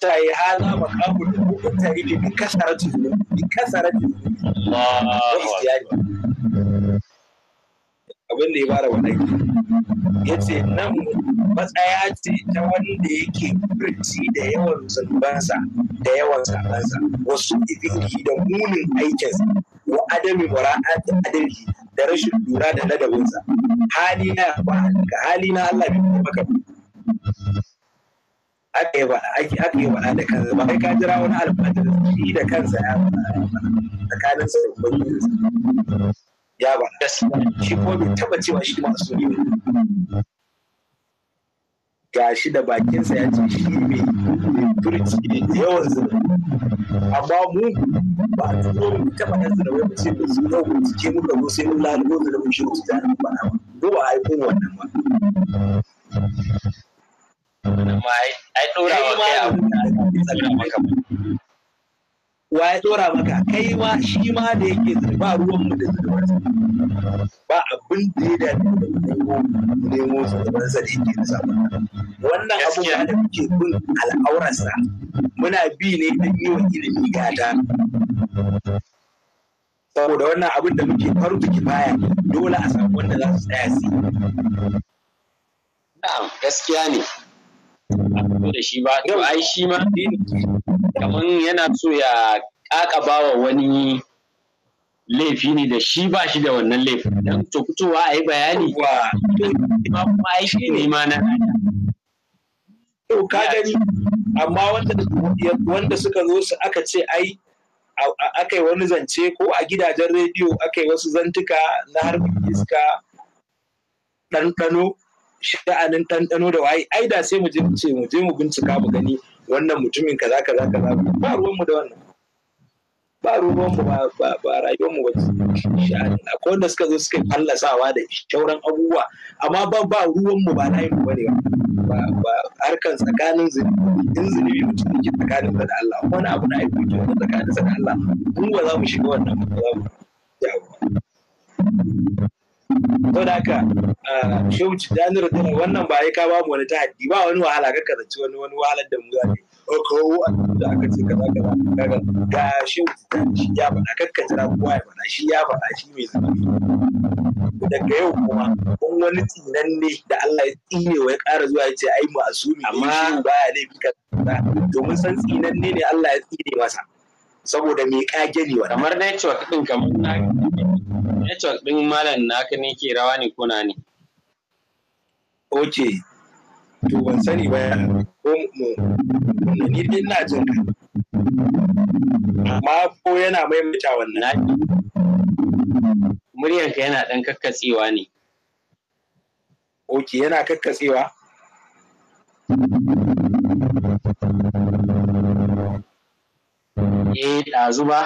ta yi hana makamun da hukun ta ribe bi kasara tuzuru bi kasara tuzuru ko istiyari abin da ya bara wannan ya ce nan matsaya ce ta wanda yake furci da yawan zunubansa da yawan sabansa wasu ifinki da munin aikinsa wa adami mura'at adalci da rashin lura da ladabinsa hali na ba ga hali na Allah bai maka aka yi wada aka yi wada da kansa ba kai ka jira wani alfajar shi da kansa ya wada tsakanin sa da ubangiji ya wada shi ko bai taba cewa shi masu ne ga shi da bakinsa ya ce shi ne turci ne yawan zina amma mu ba a tsoro mu taba da zina wani ce mu zina mu cike mu da sai mun lalubo da mun shi mu tsaya mu ba ba ba a yi kowanne ba amma ai wa maka wa ya tsora maka kai ma shi ma da yake zirba ruwan mu da zirbarsa ba abin da ya dace da nemo nemo zirbarsa da yake da sama wannan abubuwa da muke bin al'aurarsa muna bi ne don yi wa ilimi gata saboda wannan abin da muke farko kifaya dole a samu wanda za su tsaya su na'am gaskiya ne da shi ba to ai shi ma kaman yana so ya kakaba wa wani laifi ne da shi ba shi da wannan laifin dan to fitowa a yi bayani wa ma kuma ai shi ne ma na to ka gani amma wanda wanda suka zo su aka ce ai aka yi wani zance ko a gidajen rediyo aka yi wasu zantuka na harkar iska ɗanɗano sha'anin ɗanɗano da waye ai da sai mu je mu ce mu je mu bincika mu gani wannan mutumin kaza kaza kaza ba ruwan mu da wannan ba ruwan mu ba ba ba rayuwar mu ba sha'anin akwai wanda suka zo suka fallasawa da shauran abubuwa amma ba ba ruwan mu ba nayin mu bane ba ba harkan tsakanin zunubi in zunubi mutum yake tsakanin da Allah wani abu na aiki ke tsakanin da Allah mu ba za mu shiga wannan ba za mu yawa to da haka ah, shehu tijjani rudin wannan ba ya ka ba mu wani tahaddi ba wani wahala ka kazanci wani wani wahalar da mu za ne ko da aka ce kaza kaza kaga ga shehu tijjani shi ya faɗa kakka jira kowa ya faɗa shi ya faɗa shi mai zunubi daga yau kuma kun wani tsinan ne da Allah ya tsine wa ya ƙara zuwa ya ce ai mu asumi amma baya laifi ka domin san tsinan ne ne Allah ya tsine masa saboda me kage ne wa kamar network din kamar na network ɗin malam naka ne ke rawa ne ko na ne ok to ban sani ba ko mu ni dai ina jin ka amma ko yana maimaita wannan muryanka yana ɗan kakkatsewa ne Oke, yana kakkatsewa eh ɗazu ba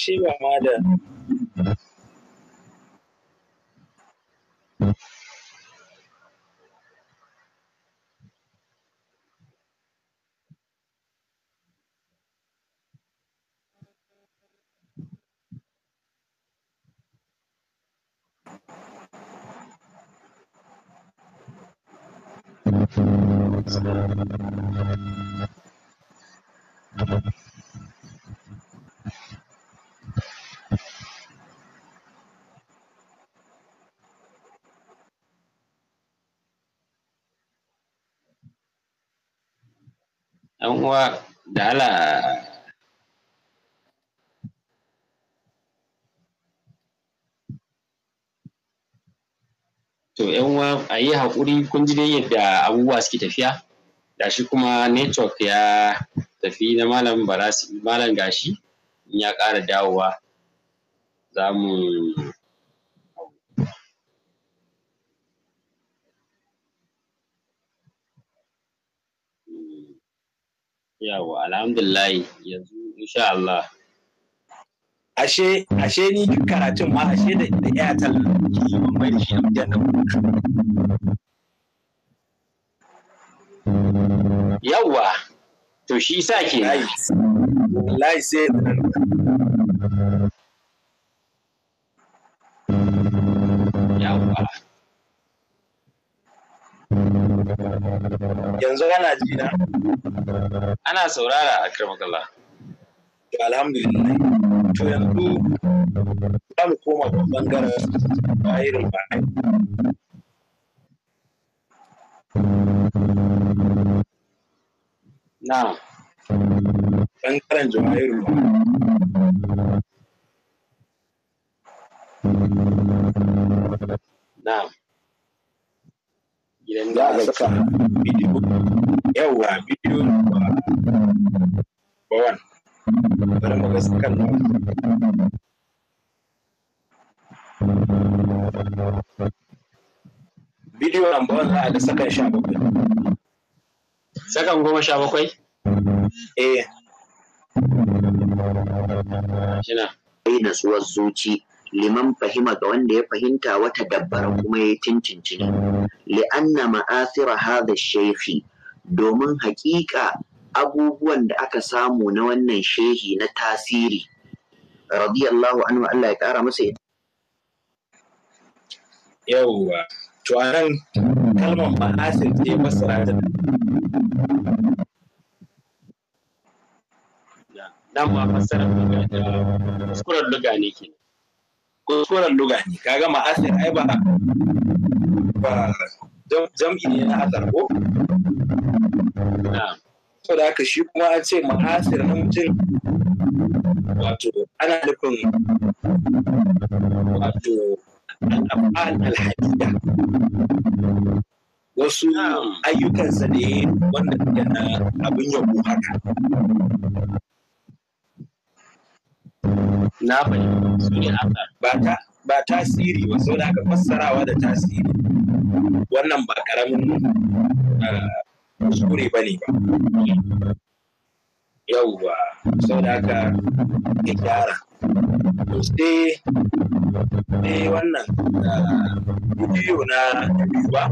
Shi ba ma da qua đã là a yi haƙuri kun ji dai yadda abubuwa suke tafiya da shi kuma network ya tafi na malam barasi malam gashi ya ƙara dawowa za mu yawa alhamdulillah yanzu insha Allah ashe ashe ni karatun ma ashe da da airtel ke yi mai da shi abin da yawwa to shi sa ke wallahi sai yawwa yanzu ana ji na ana saurara a karmakalla alhamdulillah to yanzu za mu koma ga bangaren bayirin bayan na bangaren jama'irin na gidan da aka saka bidiyo yawa bidiyo bawan bari mu ga kan bidiyo ambawan za a da sakan sha bakwai sakan goma sha bakwai eh shina yi natsuwar zuci liman fahima ga wanda ya fahimta wata dabbar kuma ya tintinci li'anna ma'asira hadha shaifi, domin haƙiƙa abubuwan da aka samu na wannan shehi na tasiri radiyallahu anhu Allah ya kara masa yauwa to a nan kalmar ma'asin ce masara ta dan ma fassara kuskuren luga ne ke kuskuren luga ne kaga ma'asin ai ba ba jam'i ne na azar ko na'am da haka shi kuma an ce ma'asir mutum. wato ana nufin wato al'afal alhadida wasu ayyukansa ne wanda ya na abin yabo haka na fahimci su ne haka ba tasiri ba da haka fassarawa da tasiri wannan ba karamin eh, kuskure ba ne ba yauwa sau da aka ya gyara sai ne wannan da ah, bidiyo na biyu ba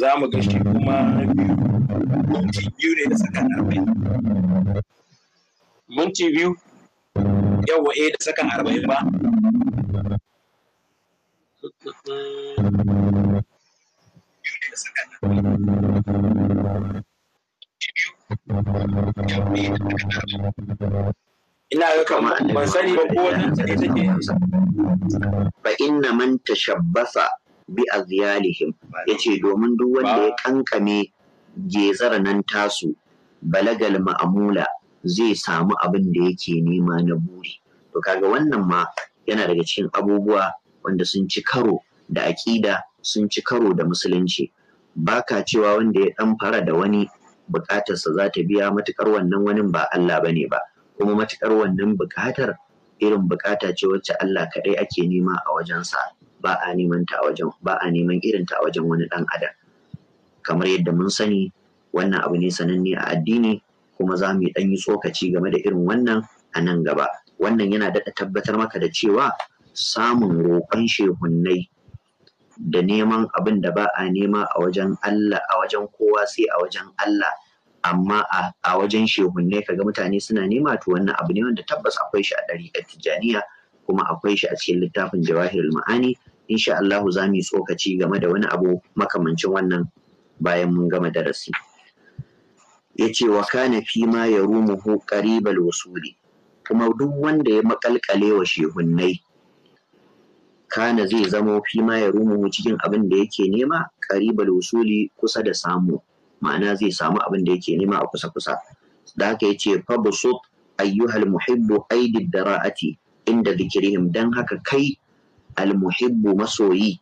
za mu ga shi kuma na biyu Munci biyu ne da saka arba'in Munci biyu yawa eh da saka arba'in ba ina ga kama ban sani ba ko wannan yace domin duk wanda ya kankame gezar nan tasu balagal ma'amula zai samu abin da yake nema na buri to kaga wannan ma yana daga cikin abubuwa wanda sun ci karo da aƙida sun ci karo da musulunci baka cewa wanda ya dan fara da wani bukatarsa za ta biya matukar wannan wani ba Allah bane ba kuma matukar wannan bukatar irin bukata ce wacce Allah kaɗai ake nema a wajensa ba a neman ta a wajen ba a neman irin ta a wajen wani dan adam kamar yadda mun sani wannan abu ne sananne a addini kuma za mu yi tsokaci game da irin wannan a nan gaba wannan yana daɗa tabbatar maka da cewa samun roƙon shehunnai da neman abin da ba a nema a wajen Allah a wajen kowa sai a wajen Allah amma a wajen shehunne kaga mutane suna nema to wannan abu ne wanda tabbas akwai shi a a tijjaniya kuma akwai shi a cikin littafin jawahirul ma'ani insha Allahu za mu yi tsokaci game da wani abu makamancin wannan bayan mun gama darasi yace wa kana fi ma yarumuhu qaribal wusuli kuma duk wanda ya makalkale wa shehunnai kana zai zamo fi ma ya rumu cikin abin da yake nema karibal wusuli kusa da samu ma'ana zai samu abin da yake nema a kusa kusa da haka yace fa busut ayyuhal muhibbu aidid dara'ati inda zikirihim dan haka kai almuhibbu masoyi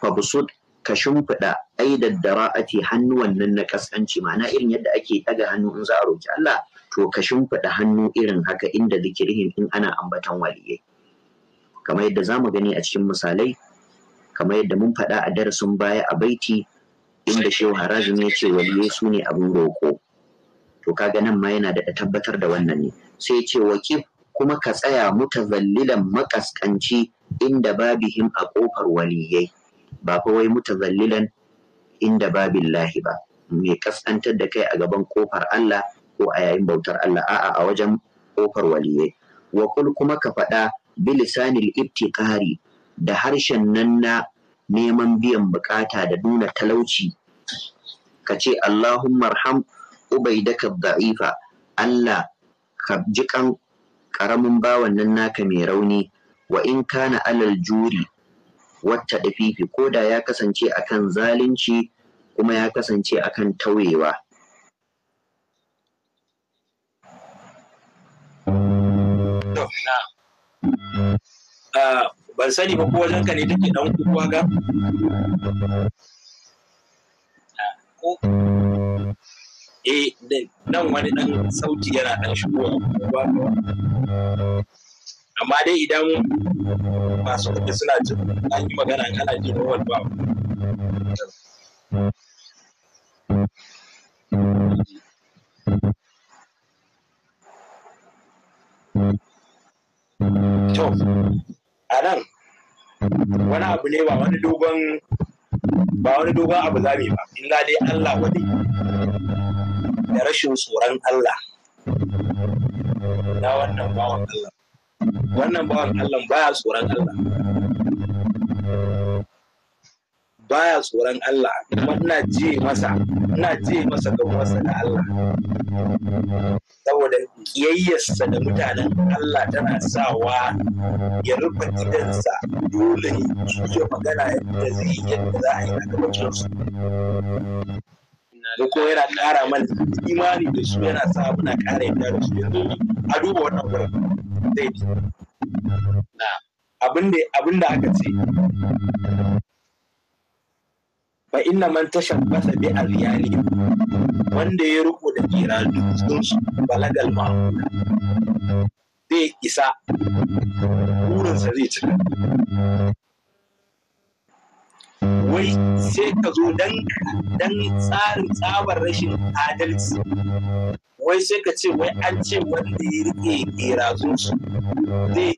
fa busut ka shimfiɗa aidad dara'ati hannuwan nan na kaskanci ma'ana irin yadda ake ɗaga hannu in za a roki Allah to ka shimfiɗa hannu irin haka inda zikirihim in ana ambatan waliyai kamar yadda za mu gani a cikin misalai kamar yadda mun faɗa a darasin baya a baiti inda shehu harajin ya ce waliyai su ne abin roƙo to kaga nan ma yana da tabbatar da wannan ne sai ce wakif kuma ka tsaya mutazallilan makaskanci inda babihim a ƙofar waliyai ba fa wai mutazallilan inda babillahi ba mai kaskantar da kai a gaban ƙofar Allah ko a yayin bautar Allah a'a a wajen ƙofar waliyai wa kuma ka faɗa bilisanil ibtiqari da harshen nan na neman biyan bukata da nuna talauci ka ce Allahumma arham ubaidaka da'ifa Allah ka kan karamin bawan nan naka mai rauni wa in kana alal juri wata dafifi ko da ya kasance akan zalunci kuma ya kasance akan tauyewa Ah, ban sani ba ko wajen ka ne take dan kuwa ga ah, ko eh nan wani dan sauti yana dan ba amma dai idan masu kuɗi suna jin an yi magana ana ji da ba to a nan wani abu ne ba wani dogon ba wani dogon abu za ba illa dai Allah wani da rashin tsoron Allah na wannan bawan Allah wannan bawan Allah baya tsoron Allah baya tsoron Allah kuma ina ji masa ina ji masa gabansa da Allah saboda kiyayyarsa da mutanen Allah tana sawa ya rufe gidansa dole ne ya magana yadda zai yadda za a yi a gabacinsu da kuma yana ƙara mana imani da su yana sa muna ƙara yadda da su yanzu a duba wannan wurin zai ji abin da aka ce fa inna man tashabbasa bi azyani wanda ya riko da kira dukkan su balagal ma'amuna zai isa wurinsa zai cika wai sai ka zo dan tsarin tsabar rashin adalci wai sai ka ce wai an ce wanda ya rike kera su zai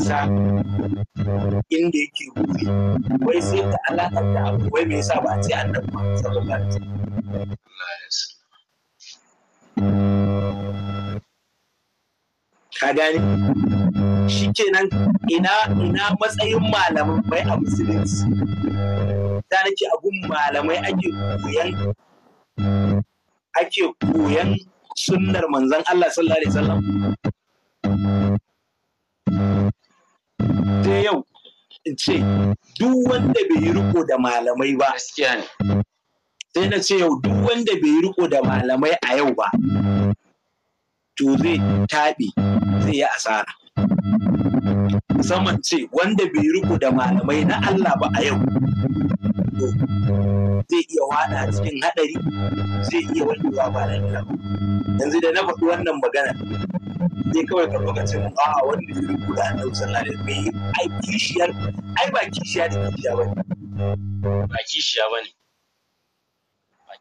sa inda yake rufe wai sai ta alaƙar da abu wai mai sa ba a ce annabi ba sallallahu alaihi wasallam ka gane shikenan ina ina matsayin malamai a musulunci da nake abun malamai ake koyan ake koyan sunnar manzon Allah sallallahu alaihi wasallam sai yau in ce duk wanda bai yi riko da malamai ba sai na ce yau duk wanda bai yi riko da malamai a yau ba to zai taɓe zai yi asara musamman ce wanda bai yi riko da malamai na Allah ba a yau zai iya wada cikin hadari zai iya wani ba lafiya yanzu da na faɗi wannan magana sai kawai ka lokacin a wanda ya rubu da annabi sallallahu alaihi wasallam ai kishiyar ai ba kishiya da kishiya ba ne. ba kishiya ba ne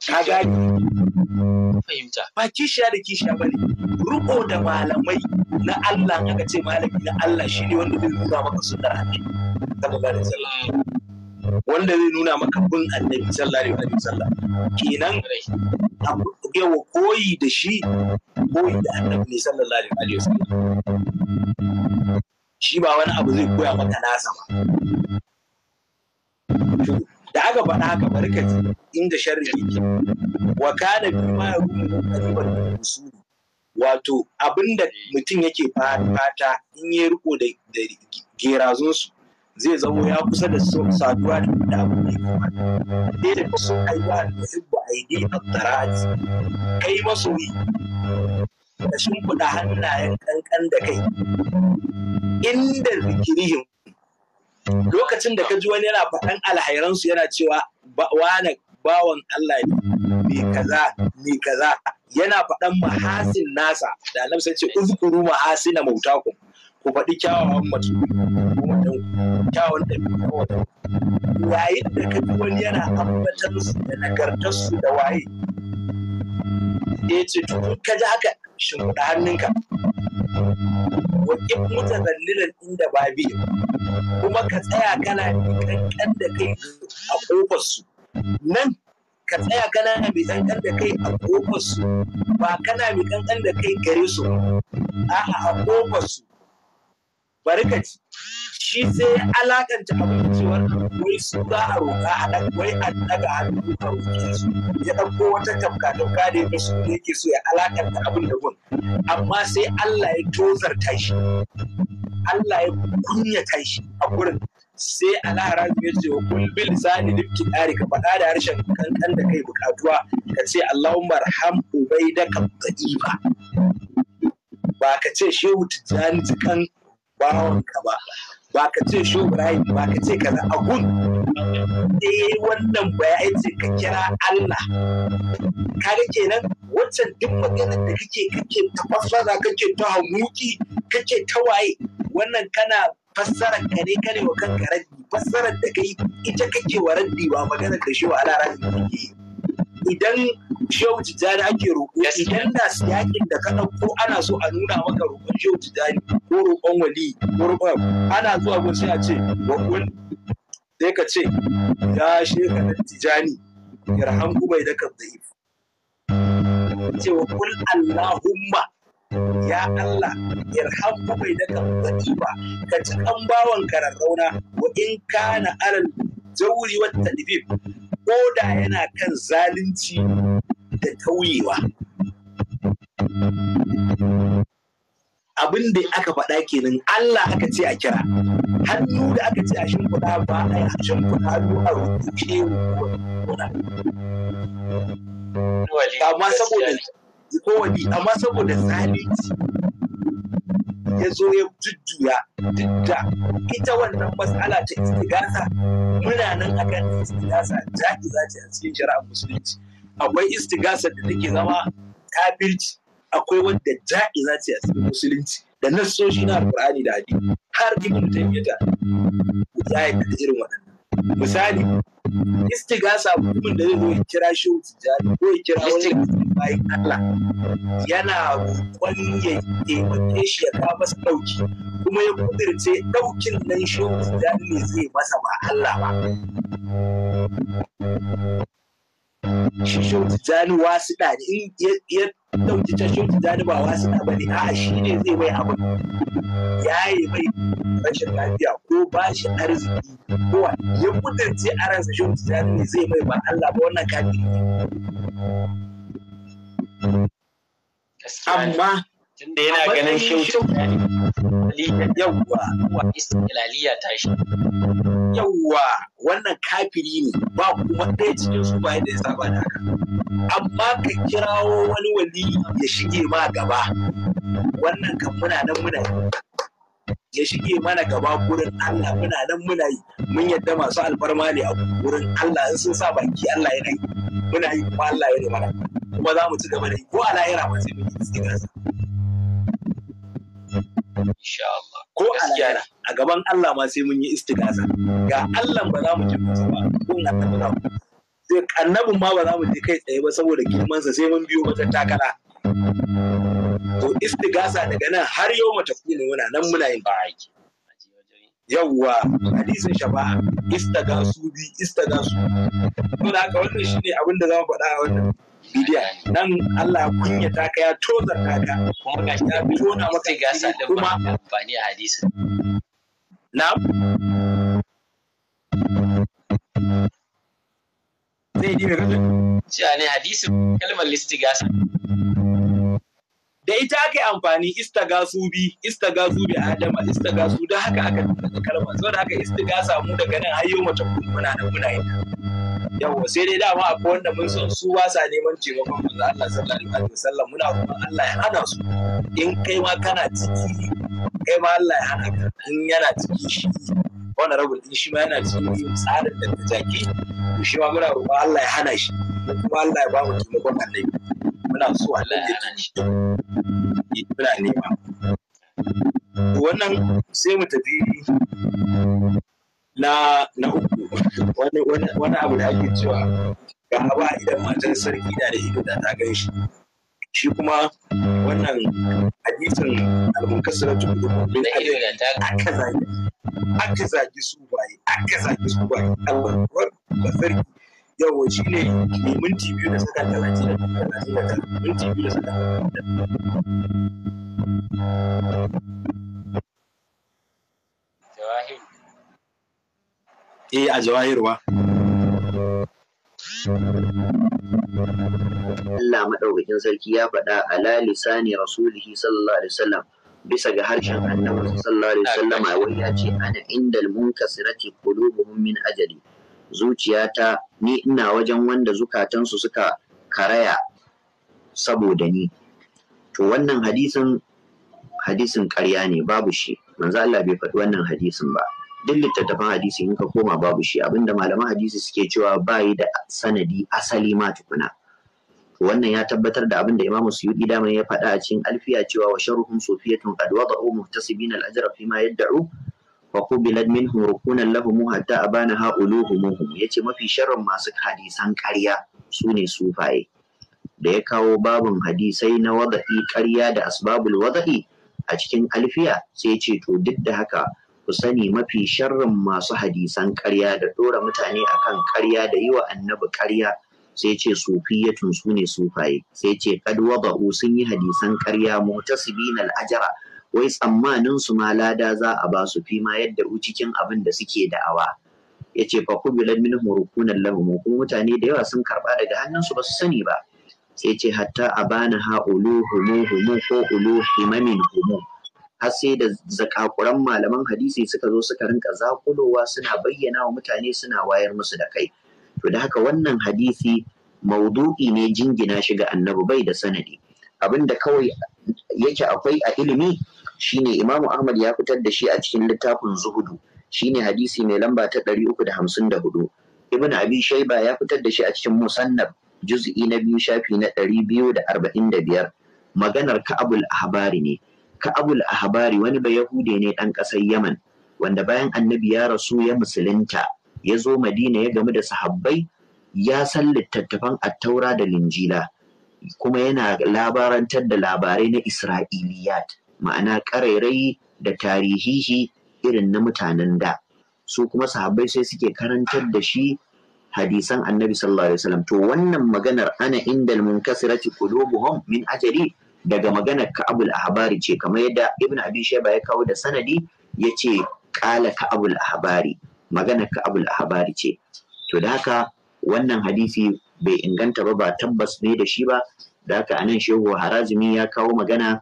ka gani fahimta ba kishiya da kishiya ba ne ruko da malamai na Allah aka ce malami na Allah shine wanda zai nuna maka sunnar annabi sallallahu alaihi wasallam wanda zai nuna maka bin annabi sallallahu alaihi wasallam kenan yawa koyi da shi koyi da annabi sallallahu alaihi wasallam shi ba wani abu zai koya maka nasa ba da aka faɗa haka barkati inda sharri yake wa kana bi ma yuqadiban usuli wato abinda mutum yake fata in yi riko da su zai zamo ya kusa da saduwa da wanda abu ne kamar da da su aiwa da hibba aidi al-tarati kai masoyi da shimfiɗa hannayen kankan da kai inda rikirihin. lokacin da ka ji wani yana faɗan alhairansu yana cewa wane bawan Allah ne mai kaza mai kaza yana faɗan mahasin nasa da annabi sai ce uzkuru mahasina mautakum ku faɗi kyawawan mutum kyakkyawan ɗabi'u yayin da ka ji wani yana ambatan su da nagartar su da waye ya eh, ce to ka ji haka shimfiɗa hannunka wa in mutazallilan inda bi kuma ka tsaya kana kankan da kai a kofar su nan ka tsaya kana mai kankan da kai a kofar su ba kana mai kankan da kai gare su a'a a kofar su bari ka ci shi sai ya alakanta abin cewar wai su a roƙa a ɗan wai a daga hannu a roƙe su ya ɗauko wata tamka tamka da ya su ne yake so ya alakanta abin da gun amma sai Allah ya tozarta shi Allah ya kunyata shi a gurin sai Allah ya ce wa kulbil sani dukki ɗari ka faɗa da harshen kankan da kai bukatuwa ka ce Allahumma arham ubaida ka ba ba ka ce shehu tijani kan bawon ka ba ba ka ce show ba ka ce kaza a gun wannan bayan ce ka kira Allah kaga kenan wancan duk maganar da kake kake ta fassara kake ta hamuki kake ta waye wannan kana fassarar ka ne wa kanka rabi fassarar da kai ita kake wa raddi ba maganar da shi wa alaran kake idan shehu tijjani ake roƙo idan da yakin da ka ɗauko ana so a nuna maka roƙon shehu tijjani ko roƙon wali ko roƙon ana zuwa gun sai a ce roƙon sai ka ce ya sheka da tijjani yarham kuma idan ka zaif ce wa kul allahumma ya Allah irham kuma idan ka ba, ka ci kan bawan kararrauna wa in kana alal jauri wa tadbib koda yana kan zalunci da tauyewa abin da aka faɗa kenan Allah aka ce a kira hannu da aka ce a shimfiɗa ba a yi shimfiɗa hannu a rubuce amma saboda kowani amma saboda zalunci ya zo ya jujjuya duk da ita wannan matsala ta istigasa muna nan akan istigasa jaki za a cikin shari'ar musulunci akwai istigasa da take zama kabirci akwai wanda jaki za a cikin musulunci da nasoshi na alkurani da hadi har ibnu taymiyya ya yi irin waɗannan misali istigasa mutumin da zai ya kira shi tijari ko ya kira wani bayan Allah yana kwanye ke taimake shi ya ta masa ɗauki kuma ya kudirce ɗaukin nan shi tijari ne zai masa ba Allah ba shi shehu tijjani wasu da in ya ɗauki can shehu tijjani ba wasu da ba ne a shi ne zai mai abin ya yi mai rashin lafiya ko ba shi arziki ko ya kudurce a ransa shehu tijjani ne zai mai ba Allah ba wannan kafin ne. Amma tunda yana ganin shehu tijjani yauwa wa istilaliya ta shi. Mm. yawwa wannan kafiri ne ba kuma ɗaya cikin su ba yadda ya saba da haka amma ka kirawo wani wali ya shige ma gaba wannan kan muna nan muna yi ya shige mana gaba gurin Allah muna nan muna yi mun yadda masu alfarma ne a gurin Allah in sun sa baki Allah ya yi muna yi kuma Allah ya mana kuma za mu ci gaba da yi ko a lahira ba sai mun yi Ko a ko a gaban Allah ma sai mun yi istigaza ga Allah ba za mu ji masa ba kun annabi na sai annabin ma ba za mu je kai tsaye ba saboda girman sa sai mun biyo mata takala to istigasa daga nan har yau mata tafi ne muna nan muna yin ba aiki yawwa hadisin shafa'a istaga su bi istaga su don haka wannan shine abin da za mu faɗa a wannan bidiya dan Allah kunya ta ka ya tozar ta ga kuma ga shi ya tona maka gasa da kuma amfani hadisi hadisin na'am zai yi rubin a ne hadisi kalmar listigasa da ita aka amfani istigasu bi istigasu bi adama istigasu da haka aka kalmar saboda haka istigasa mu daga nan har yau kuma na nan muna yin yawa sai dai dama akwai wanda mun san su ba sa neman taimakon manzo Allah sallallahu alaihi wasallam muna kuma Allah ya hana su in kai ma kana ciki kai ma Allah ya hana ka in yana ciki shi wannan rabin din shi ma yana cikin tsarin da ta jaki shi ma muna roƙon Allah ya hana shi kuma Allah ya ba mu taimakon annabi muna so Allah ya hana shi muna nema wannan sai mu tafi na na uku wani wani abu da ake cewa ga haba idan matar sarki na da ido da ta ganshi shi shi kuma wannan hadisin al-munkasiratu bi min umm aka zagi aka zagi su baye aka zagi su baye Allah ba sarki yawon shi ne minti biyu da saka talatin da talatin da minti biyu da saka jawahir eh a jawahirwa Allah maɗaukakin sarki ya faɗa ala lisani rasulihi sallallahu alaihi wasallam bisa ga harshen annabi sallallahu alaihi wasallama wai ya ce ana indal munkasirati qulubuhum min ajali zuciyata ni ina wajen wanda zukatansu suka karaya saboda ni to wannan hadisin hadisin ƙarya ne babu shi manzo Allah bai faɗi wannan hadisin ba duk littattafan hadisi in ka koma babu shi abinda malaman hadisi suke cewa bayi da sanadi asali ma tukuna wannan ya tabbatar da abin da Imam Suyuti da ya faɗa a cikin alfiya cewa wa sharruhum sufiyatun qad wada'u muhtasibin al-ajra fi ma yad'u wa qubilat minhum rukunan lahum hatta abana ha'uluhum yace mafi sharrin masu hadisan ƙarya sune sufaye da ya kawo babun hadisai na wada'i ƙarya da asbabul wada'i a cikin alfiya sai ce to duk da haka ku sani mafi sharrin masu hadisan karya da ɗora mutane akan karya da yi wa annabi karya, sai ce sufiyatun su ne sufaye sai ce kad sun yi hadisan ƙarya mutasibin al'ajara wai tsammanin su ma lada za a ba su fi ma yadda u cikin abin da suke da'awa ya ce fa kubilan min murukunan lahumu kuma mutane da yawa sun karɓa daga hannunsu ba su sani ba sai ce hatta a bani ha ulu humu ko ulu himamin humu har sai da zakakuran malaman hadisi suka zo suka rinka zakulowa suna bayyana wa mutane suna wayar musu da kai to da haka wannan hadisi maudu'i ne jingina shi ga annabi bai da sanadi abinda kawai yake akwai a ilimi shine imamu ahmad ya fitar da shi a cikin littafin zuhudu shine hadisi mai lamba ta 354 ibn abi shaiba ya fitar da shi a cikin musannab juz'i na biyu shafi na 245 maganar ka'abul ahbari ne Ka'abul Ahbari wani ba Yahude ne ɗan ƙasar Yaman wanda bayan annabi ya rasu ya musulunta ya zo Madina ya gamu da sahabbai ya san littattafan attaura da linjila kuma yana labarantar da labarai na Isra'iliyat ma'ana ƙarairayi da tarihihi irin na mutanen da su kuma sahabbai sai suke karantar da shi hadisan annabi sallallahu alaihi wasallam to wannan maganar ana indal munkasirati qulubuhum min ajali daga maganar ka'abul ahbari ce kamar yadda ibn abi shaiba ya kawo da sanadi Ya yace ƙala ka'abul habari. maganar ka'abul ahbari ce to da haka wannan hadisi bai inganta ba ba tabbas ne da shi ba da haka anan shehu harazimi ya kawo magana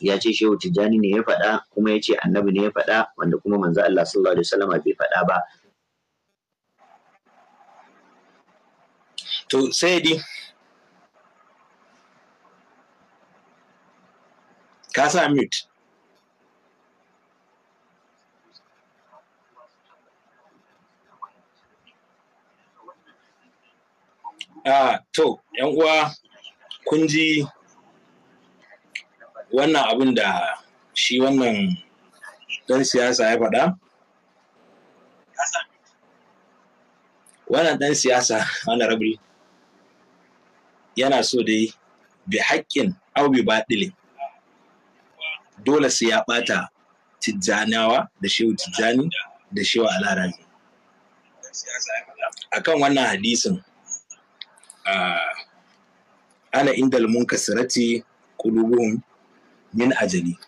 ya ce shehu tijjani ne ya faɗa kuma ya ce annabi ne ya faɗa wanda kuma manzo Allah sallallahu alaihi wasallam bai faɗa ba to sai dai ka sa Ah, to, ‘yan uwa, kun ji wannan abin da shi wannan dan siyasa ya faɗa? Wannan dan siyasa, yana so dai bi haƙƙin au bi baɗilin. dole sai ya bata tijjanawa da shehu tijjani da shehu alarabi kan wannan hadisin ana indal munkasirati qulubuhum min ajali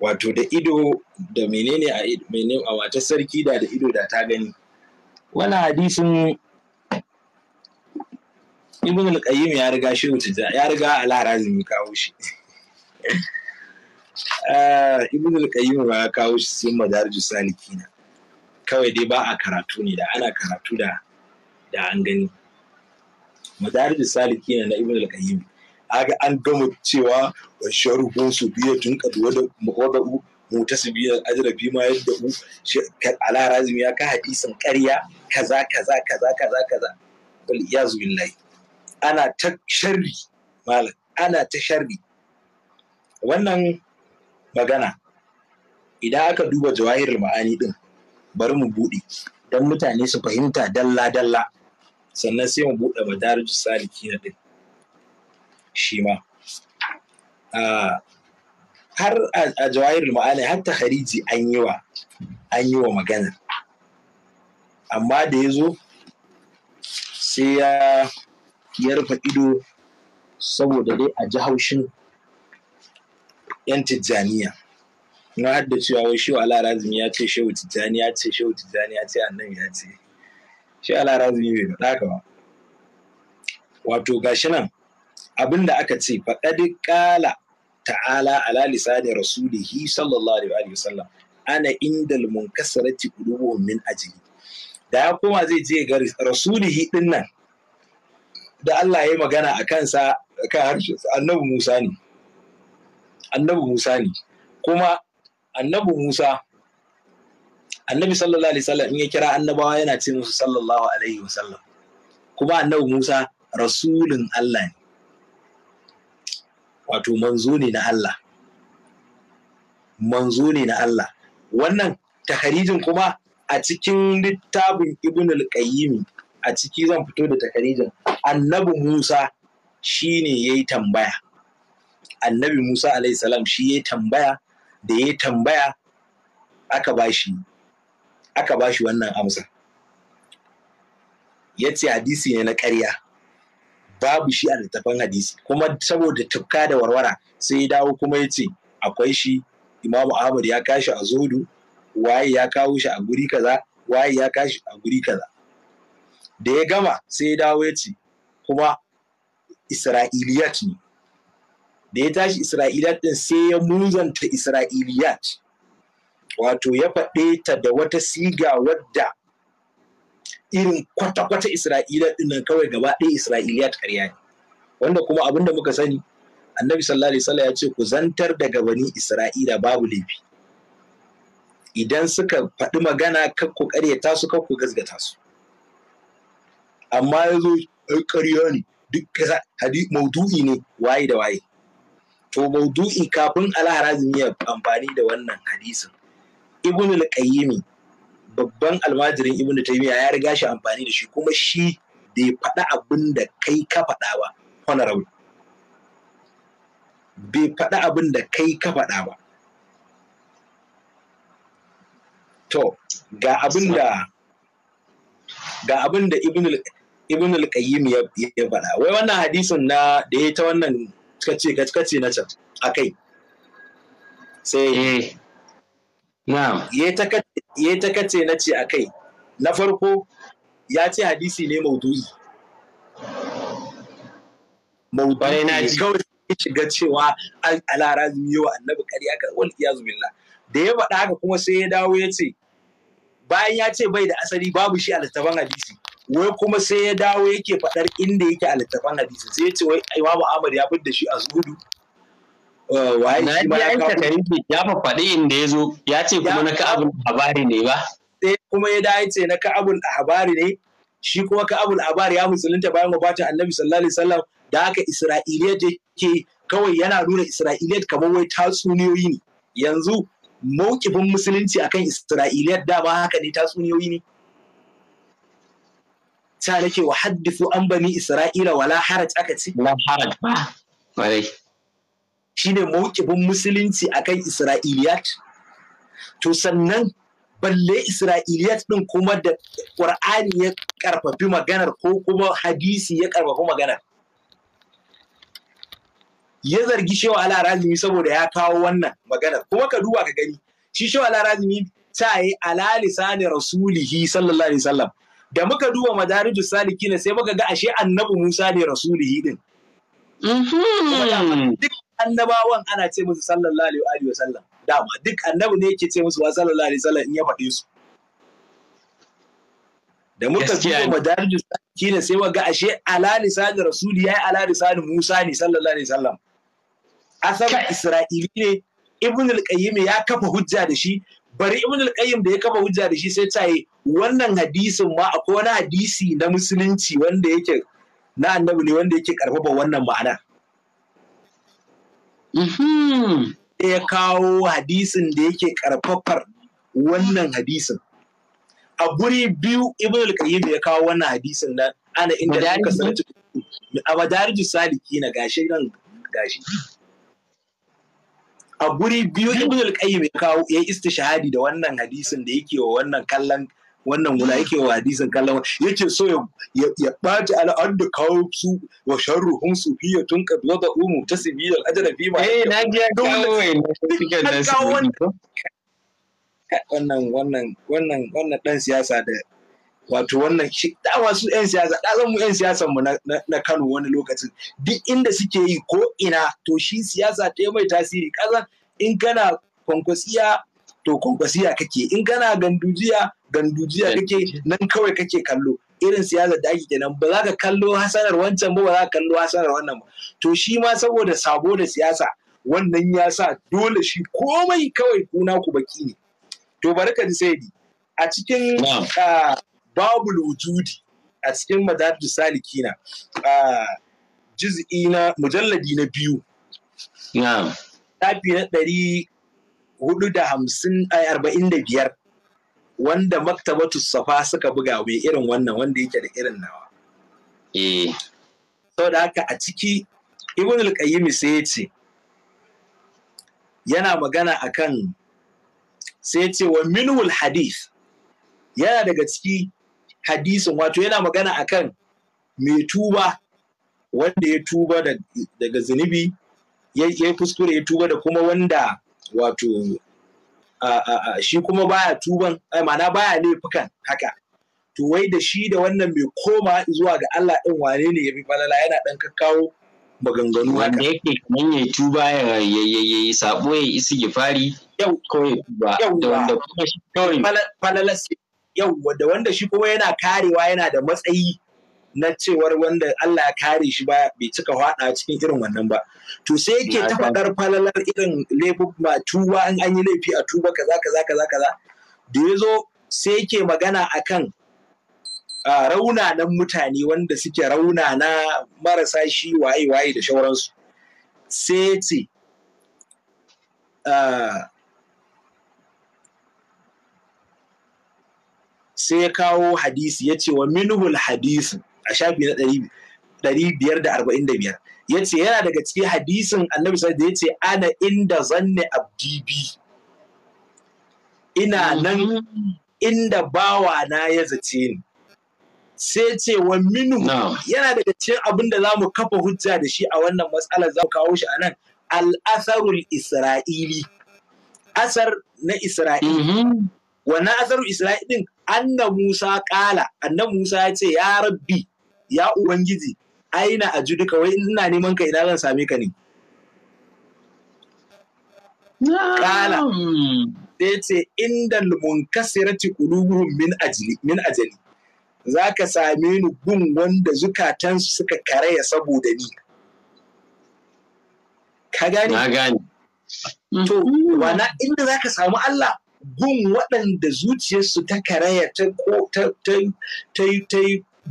wato da ido da menene a wata sarki da da ido da ta gani wannan hadisin ibn al-qayyim ya riga shi ya riga al-harazimi kawo shi Eh, ibn al-qayyim ba ya kawo shi sai madarijus salikina kawai dai ba a karatu ne da ana karatu da da an gani madarijus salikina na ibn al-qayyim aga an gama cewa wa sharuhun su biya tun kaduwa da muqaddau mutasibiyar biyu ma yadda u ala razumi ya ka hadisin ƙarya kaza kaza kaza kaza kaza wal iyazu billahi ana ta sharri malam ana ta sharri wannan magana idan aka duba jawahir ma'ani din bari mu buɗe don mutane su fahimta dalla dalla sannan sai mu buɗe ba madarijus saliki na ɗin shi ma har a jawahir ma'ani har ta hariji an yi wa an yi wa magana amma da ya zo sai ya rufe ido saboda dai a ji haushin 'yan tijjaniya na hadda cewa wai shehu razumi ya ce shehu tijjani ya ce shehu tijjani ya ce annabi ya ce shi razumi bai faɗa ka ba wato gashi nan abin da aka ce faɗaɗi ƙala ta'ala ala lisanin rasulihi sallallahu alaihi wasallam ana indal munkasarati qulubuhum min ajli da ya koma zai je ga rasulihi din nan da Allah ya yi magana a kansa kan harshe annabi Musa ne annabi Musa ne kuma annabi Musa annabi sallallahu alaihi wasallam in ya kira annabawa yana ce musu sallallahu alaihi wasallam kuma annabi Musa rasulin Allah ne wato manzo ne na Allah manzo ne na Allah wannan takarijin kuma a cikin littafin ibn al-qayyim a ciki zan fito da takarijin annabi Musa shine yayi tambaya annabi Musa alaihi salam shi ya tambaya da ya tambaya aka bashi aka bashi wannan amsa ya ce hadisi ne na ƙarya babu shi a littafin hadisi kuma saboda tukka da warwara sai ya dawo kuma ya ce akwai shi imamu ahmad ya kashi a zodu waye ya kawo shi a guri kaza waye ya kashi a guri kaza da ya gama sai ya dawo ya ce kuma isra'iliyat ne da ya tashi isra'iliyat din sai ya muzanta isra'iliyat wato ya faɗe ta da wata siga wadda irin kwata-kwata isra'iliyat din nan kawai gaba ɗaya isra'iliyat ƙarya ne wanda kuma abin da muka sani annabi sallallahu alaihi wasallam ya ce ku zantar daga bani isra'ila babu laifi idan suka faɗi magana kan ku ƙaryata su kan ku gasgata su amma ya zo ƙarya ne duk kaza maudu'i ne waye da waye to maudu'i kafin alharazimi ya amfani da wannan hadisin ibn al qayyim babban almajirin ibn taymiya ya riga shi amfani da shi kuma shi bai faɗa abin da kai ka faɗa ba honorable bai faɗa abin da kai ka faɗa ba to ga abin da ga abin da ibn al-qayyim ya faɗa wai wannan hadisin na da ya ta wannan kace kace na can a kai sai eh, ya ta kace na ce a kai na farko ya ce hadisi ne maudu'i maudu'i na kawai shiga cewa alara yau annabi kari aka wal iyazu billah da ya faɗa haka kuma sai ya dawo ya ce bayan ya ce bai da asali babu shi a littafin hadisi wai kuma sai ya dawo yake faɗar inda yake a littafan hadisi sai ya ce wai imamu ahmad ya fidda shi a zuhudu eh, waye shi ma ya kawo ya faɗi inda ya zo ya ce kuma na ka'abul habari ne ba sai kuma ya dawo ce na ka'abul habari ne shi kuma ka'abul habari ya musulunta bayan wabata annabi sallallahu alaihi wasallam da haka isra'iliyat ke kawai yana nuna isra'iliyya kamar wai tatsuniyoyi ne yanzu mawkifin musulunci akan da ba haka ne tatsuniyoyi ne ta nake wa haddisu an bani isra'ila wala haraj aka ci? la haraj ba kwarai shine mawqifin musulunci akan isra'iliyat to sannan balle isra'iliyat din kuma da qur'ani ya karfafi maganar ko kuma hadisi ya karfafi maganar ya zargi shewa alarazimi saboda ya kawo wannan maganar kuma ka duba ka gani shi shewa alarazimi ta yi ala lisani rasulihi sallallahu alaihi wasallam da muka duba madarijus ne sai muka ga ashe annabi Musa ne rasulihi din mhm. duk annabawan ana ce musu sallallahu alaihi wa sallam dama duk annabi ne yake ce musu wa sallallahu alaihi wa sallam in ya faɗe su da muka duba madarijus ne sai muka ga ashe ala lisanin rasuli yayi ala lisanin Musa ne sallallahu alaihi wa sallam asalin Isra'ili ne Ibn al-Qayyim ya kafa hujja da shi bari ibn al-qayyim da ya kama hujja da shi sai ta yi wannan hadisin ma akwai wani hadisi na musulunci wanda yake na annabi ne wanda yake karfafa wannan ma'ana mm-hmm. ya kawo hadisin da yake karfafar wannan hadisin a guri biyu ibn al-qayyim ya kawo wannan hadisin nan ana inda suka sanatu a madarijus saliki na gashi nan gashi a guri biyu ibn al-qayyim ya kawo ya istishhadi da wannan hadisin da yake wa wannan kallon wannan wula yake wa hadisin kallon yake so ya ɓaci al'ad da kawo su wa sharruhum sufiyatun qad wada'u mutasibiyal ajra fi ma eh na ji kawo wannan wannan wannan wannan wannan dan siyasa da wato wannan shi da wasu 'yan siyasa da zan mu 'yan siyasan mu na Kano wani lokacin duk inda suke yi ko ina to shi siyasa ta mai tasiri kaza in kana kwankwasiya to kwankwasiya kake in kana gandujiya gandujiya eh. kake nan kawai kake kallo irin siyasa da ake kenan ba za ka kallo hasanar wancan ba ba za ka kallo hasanar wannan ba to shi ma saboda sabo da siyasa wannan ya sa dole shi komai kawai kuna ku baki ne to bari ka ji sai a cikin Babu wujudi a cikin madarij salikina a jizi na mujalladi na biyu tafi na ɗari hudu da hamsin eh, arba'in da biyar wanda Maktaba Tussafa suka buga mai irin wannan wanda yake da irin nawa eh. Sau da haka a ciki ibn al-qayyim sai ya ce yana magana akan sai ya ce wa minul hadith yana daga ciki hadisin wato yana magana akan mai tuba wanda ya tuba daga zunubi ya kuskure ya tuba da kuma wanda wato shi kuma baya tuban ma'ana baya laifukan haka to wai da shi da wannan mai koma zuwa ga Allah ɗin wane ne ya fi falala yana ɗan kakkawo maganganu haka. Wanda yake kaman ya tuba ya yi sabo ya isi gifari ko ya tuba da wanda kuma shi kawai. Falala sai Yau, da wanda shi kuma yana karewa yana da matsayi na cewar wanda Allah ya kare shi ba bai cika hada cikin irin wannan ba to sai yake ta faɗar falalar irin laifin Ma tuba in an yi laifi a tuba kaza kaza kaza kaza da ya sai yake magana akan raunanan mutane wanda suke raunana marasa shi waye waye da shauransu sai ce sai ya kawo hadisi ya ce wa minuhul hadisi a shafi na ɗari biyar da arba'in da biyar ya ce yana daga cikin hadisin annabi da ya ce ana inda zanne abdibi ina nan mhm. inda bawa na ya zace ni sai ce wa minu yana daga cikin abin da za mu kafa hujja da shi a wannan matsalar za mu kawo shi a nan al'asarul isra'ili asar na isra'ili mhm. wannan asarul isra'ilin anna Musa kala annan Musa ya ce, ya rabbi, ya Ubangiji, aina a duka wai ina neman ka ina zan same ka ne. Ƙala, sai ce, inda munkasirati qulubuhum min ajli min ajali. Za ka same ni gun wanda zukatansu suka karaya saboda ni. Ka gane? Na gane. To, mm-hmm. wana inda za ka samu Allah gun waɗanda zuciyarsu ta karaya ta ko ta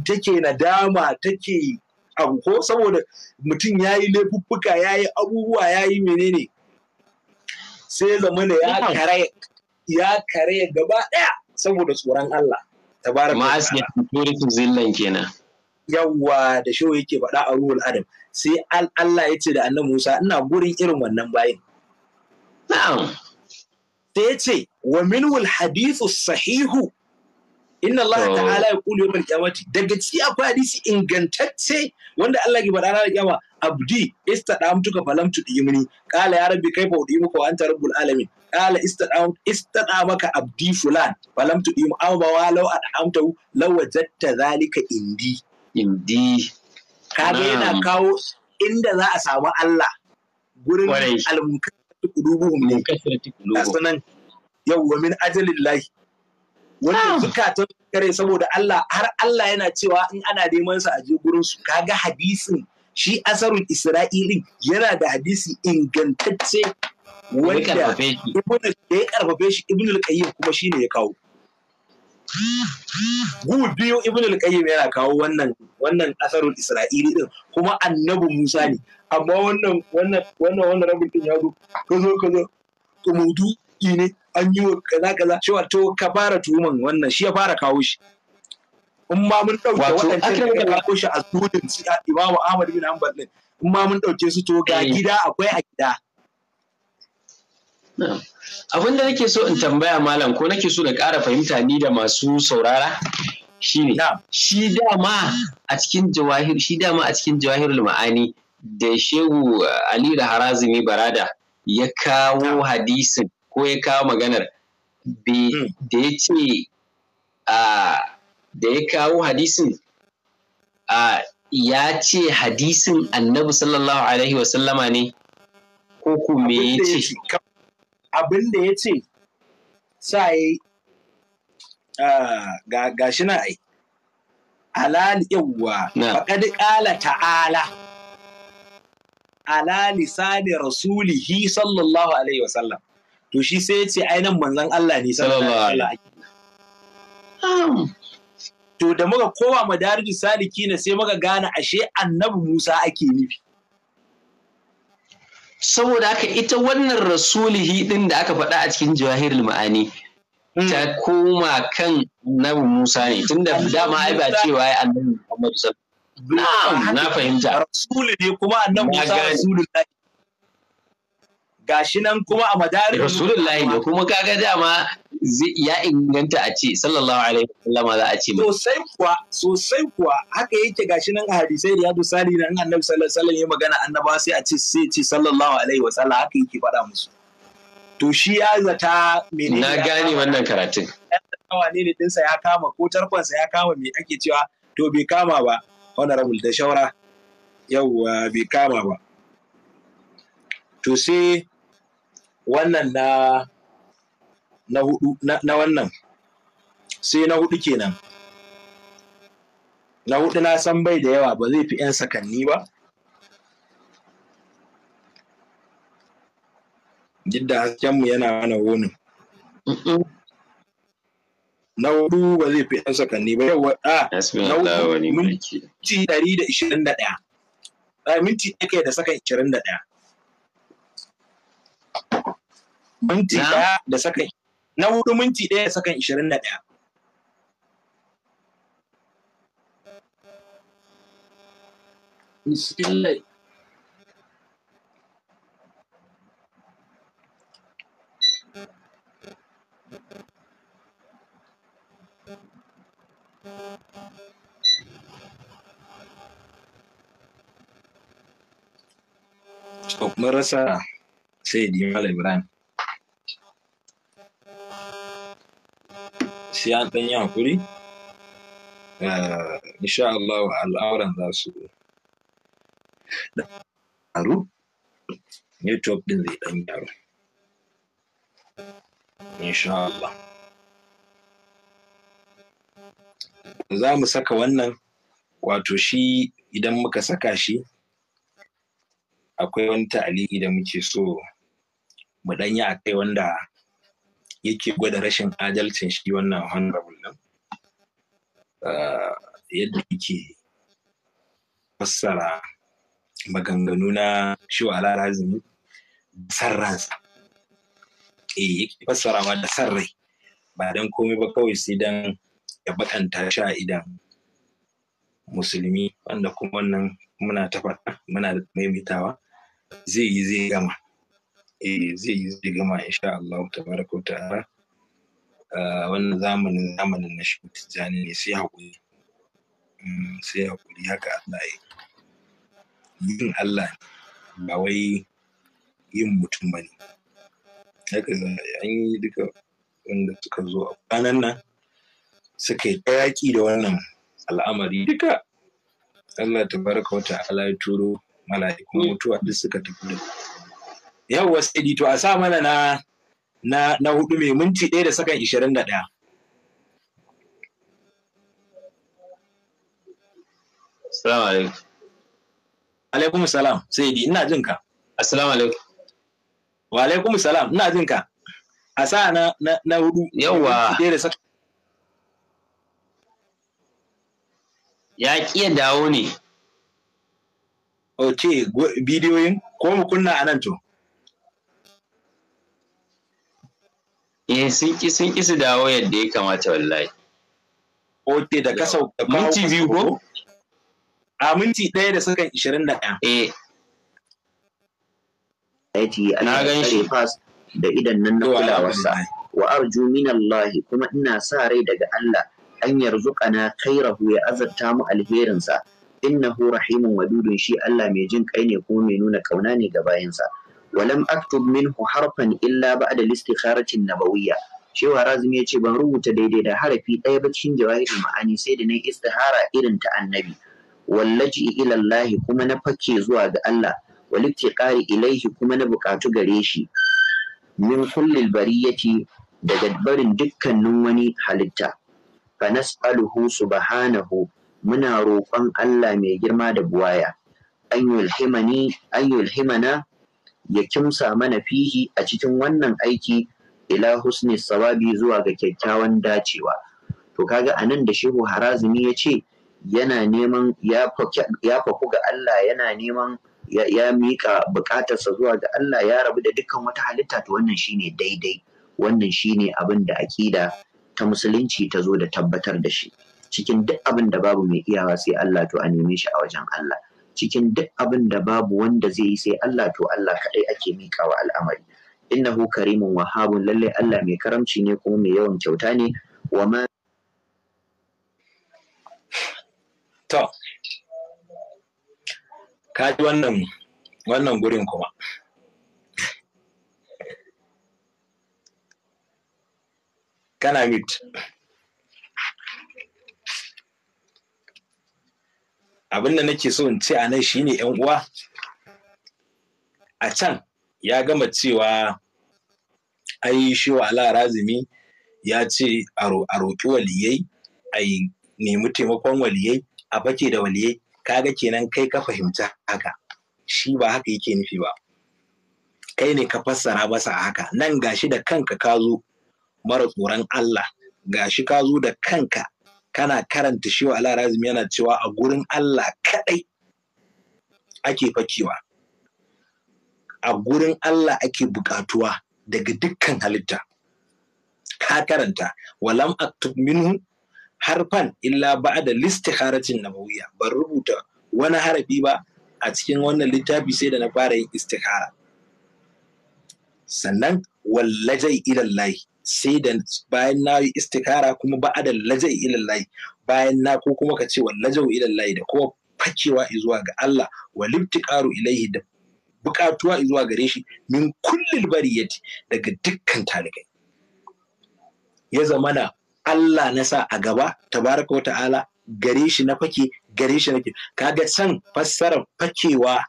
take nadama take abu ko saboda mutum ya yi laifuffuka ya yi abubuwa ya yi menene sai zama da ya karaya ya karaya gaba ɗaya saboda tsoron Allah tabaraka ma'asiyar turikin zillan kenan yawwa da shi yake faɗa a ruwan adam sai Allah ya ce da annabi Musa ina gurin irin wannan bayin na'am sai ya ce wa minwul hadithu sahihu inna Allah oh. ta'ala ya kuli yawmal qiyamati daga ci akwai hadisi ingantacce wanda Allah ke faɗa ranar kyawa abdi istadamtu ka falam tu dimni kala ya rabbi bauɗi muku ka anta rabbul alamin kala istadam istadamaka abdi fulan falam tu dimu aw bawalau adhamtu law wajadta zalika indi indi kaga yana kawo inda za a samu Allah gurin almunkar qulubuhum ne sunan min ajalillahi wanda ah. zukatan kare saboda Allah har Allah yana cewa in ana neman sa a je gurin su kaga hadisin shi asarun Isra'ilin yana da hadisi ingantacce wanda ya karfafe shi Ibn al-Qayyim kuma shine ya kawo Gu biyu Ibn al yana kawo wannan wannan Isra'ili din kuma annabi Musa ne amma wannan wannan wannan wannan rabin din ya zo ka zo ka zo to mutu ne an yi wa kaza kaza cewa to ka fara tuhuman wannan shi ya fara kawo shi in ma mun dauke waɗancan da ka kawo shi a shi a Imam Ahmad bin Hanbal din in ma mun dauke su to ga eh. gida akwai a gida abin da nake so in tambaya malam ko nake so na ƙara fahimta ni da masu saurara shine shi dama a cikin jawahir shi dama a cikin jawahirul ma'ani da shehu ali da harazimi barada ya kawo hadisin ko ya kawo maganar hmm. da ya ce da ya kawo hadisin ya ce hadisin annabi sallallahu alaihi wasallama ne ko kuma ya ce abin da ya ce sa yi ga shi na ai alal yawwa faƙad ƙala ta'ala ala lisani rasulihi sallallahu alaihi wasallam to shi sai ya ce ainihin manzan Allah ne sallallahu alaihi wasallam to da muka kowa madarijin saliki ne sai muka gane ashe annabi Musa ake nufi. Saboda haka ita wannan rasulihi ɗin da aka faɗa a cikin jawahirul ma'ani hmm. ta koma kan annabi Musa ne tunda dama ai ba cewa ai annabi Muhammadu sallallahu na fahimta rasulu ne kuma annan Musa rasulullahi gashi nan kuma a madarin rasulullahi ne kuma kaga dama ya inganta a ce sallallahu alaihi wasallam za a ce sosai kuwa sosai kuwa haka yake gashi nan a hadisai da ya sali nan annabi sallallahu alaihi wasallam ya magana annaba sai a ce sai ce sallallahu alaihi wasallam haka yake faɗa musu to shi ya zata menene na gane wannan karatun wane ne dinsa ya kama ko tarkonsa ya kama me ake cewa to bai kama ba honorable da shawara yauwa bai kama ba to sai wannan na na hudu na wannan sai na hudu kenan na hudu na san bai da yawa ba zai fi 'yan sakanni ba duk hasken mu yana wani wonin na hudu ba zai fi ɗan sakanni ba yau wada na hudu minti ɗari da ishirin da ɗaya minti ɗaya da saka ishirin da ɗaya minti ɗaya da saka na hudu minti ɗaya da saka ishirin da ɗaya Bismillah. To, mun rasa sai di Malam Ibrahim. Sai an ɗan yi hakuri? Eh, insha Allah al'auran za su aru? Network ɗin zai ɗan Insha Allah. za mu saka wannan wato shi idan muka saka shi akwai wani ta'alili da muke so mu ɗanyi a kai wanda yake gwada rashin adalcin shi wannan honorable nan ah, yadda yake fassara maganganu na shiwala razumi da san ransa eh yake fassarawa da san rai ba don komai ba kawai sai don ya baɗanta shi a idan musulmi wanda kuma wannan muna ta faɗa muna da maimaitawa zai yi zai gama eh zai yi zai gama insha Allah tabaraka wa ta'ala ah, wannan zamanin zamanin na shi tijjani ne sai hakuri mm, sai hakuri haka Allah ya yin Allah ba wai yin mutum bane haka an yi duka wanda suka zo a kwanan nan suka yi yaƙi da wannan al'amari duka Allah ta baraka wata ala ya turo mala'iku mutuwa duk suka tafi da yawwa sai to a sa mana na na na hudu mai minti ɗaya da sakan ishirin da ɗaya Assalamu alaikum. Alaikum salam, sai di ina jin ka. Assalamu alaikum. Wa alaikum salam, ina jin ka. A sa na na hudu. Yawwa. Ɗaya da sakan ya ƙi dawo ne ok bidiyoyin ko mu kunna a nan to eh sun ƙi sun ƙi su dawo yadda ya kamata wallahi ok da sau da minti biyu ko a minti ɗaya da sakan ishirin da ɗaya eh na gan shi da idan nan na kulawarsa wa arju min kuma ina sa rai daga Allah an yarzuqana khairahu ya azarta mu alherinsa innahu rahimun wadudun shi Allah mai jin kai ne kuma mai nuna kauna ne ga bayansa walam aktub minhu harfan illa ba'da listikharatin nabawiyya cewa razumi ya ce ban rubuta daidai da harafi ɗaya ba cikin jawahirin ma'ani sai da na yi istihara irin ta annabi wallaji ilallahi kuma na fake zuwa ga Allah walibti ƙari ilaihi kuma na buƙatu gare shi min kullil bariyati daga barin dukkanin wani halitta fa nas'aluhu subhanahu muna roƙon Allah mai girma da buwaya an yulhimani an yulhimana ya kimsa mana fihi a cikin wannan aiki ila husni sawabi zuwa ga kyakkyawan dacewa to kaga anan da shehu harazumi ya ce yana neman ya faku ga Allah yana neman ya miƙa buƙatarsa zuwa ga Allah ya rabu da dukkan wata halitta to wannan shine daidai wannan shine abin da aƙida ta musulunci ta zo da tabbatar da shi cikin duk abin da babu mai iyawa sai Allah to a neme shi a wajen Allah cikin duk abin da babu wanda zai yi sai Allah to Allah kaɗai ake wa al'amari innahu karimun wahabun lallai Allah mai karamci ne kuma mai yawan kyauta ne wa ma to ka ji wannan wannan gurin kuma kana mute abin da nake so in ce a nan shine yan uwa a can ya gama cewa ai shi wa razumi ya ce a roƙi waliyai a nemi taimakon waliyai a fake da waliyai kaga kenan kai ka fahimci haka shi ba haka yake nufi ba kai ne ka fassara masa a haka nan gashi da kanka ka zo mara tsoron Allah ga shi ka zo da kanka kana karanta shi wa Allah razumi yana cewa a gurin Allah kadai ake fakewa a gurin Allah ake bukatuwa daga dukkan halitta ka karanta walam aktub minhu harfan illa da ba'da na nabawiyya ban rubuta wani harafi ba a cikin wannan littafi sai da na fara yin istikhara sannan wallajai ilallahi sai da bayan na yi istikara kuma da lajai ilallai, bayan na ko kuma ka ce wallajau ilallai da kuma fakewa zuwa ga Allah wa libtiqaru ilaihi da bukatuwa zuwa gare shi min kullil bariyati daga dukkan talibai ya zamana Allah na sa a gaba tabaraka wa ta'ala gare shi na fake gare shi nake kaga san fassara fakewa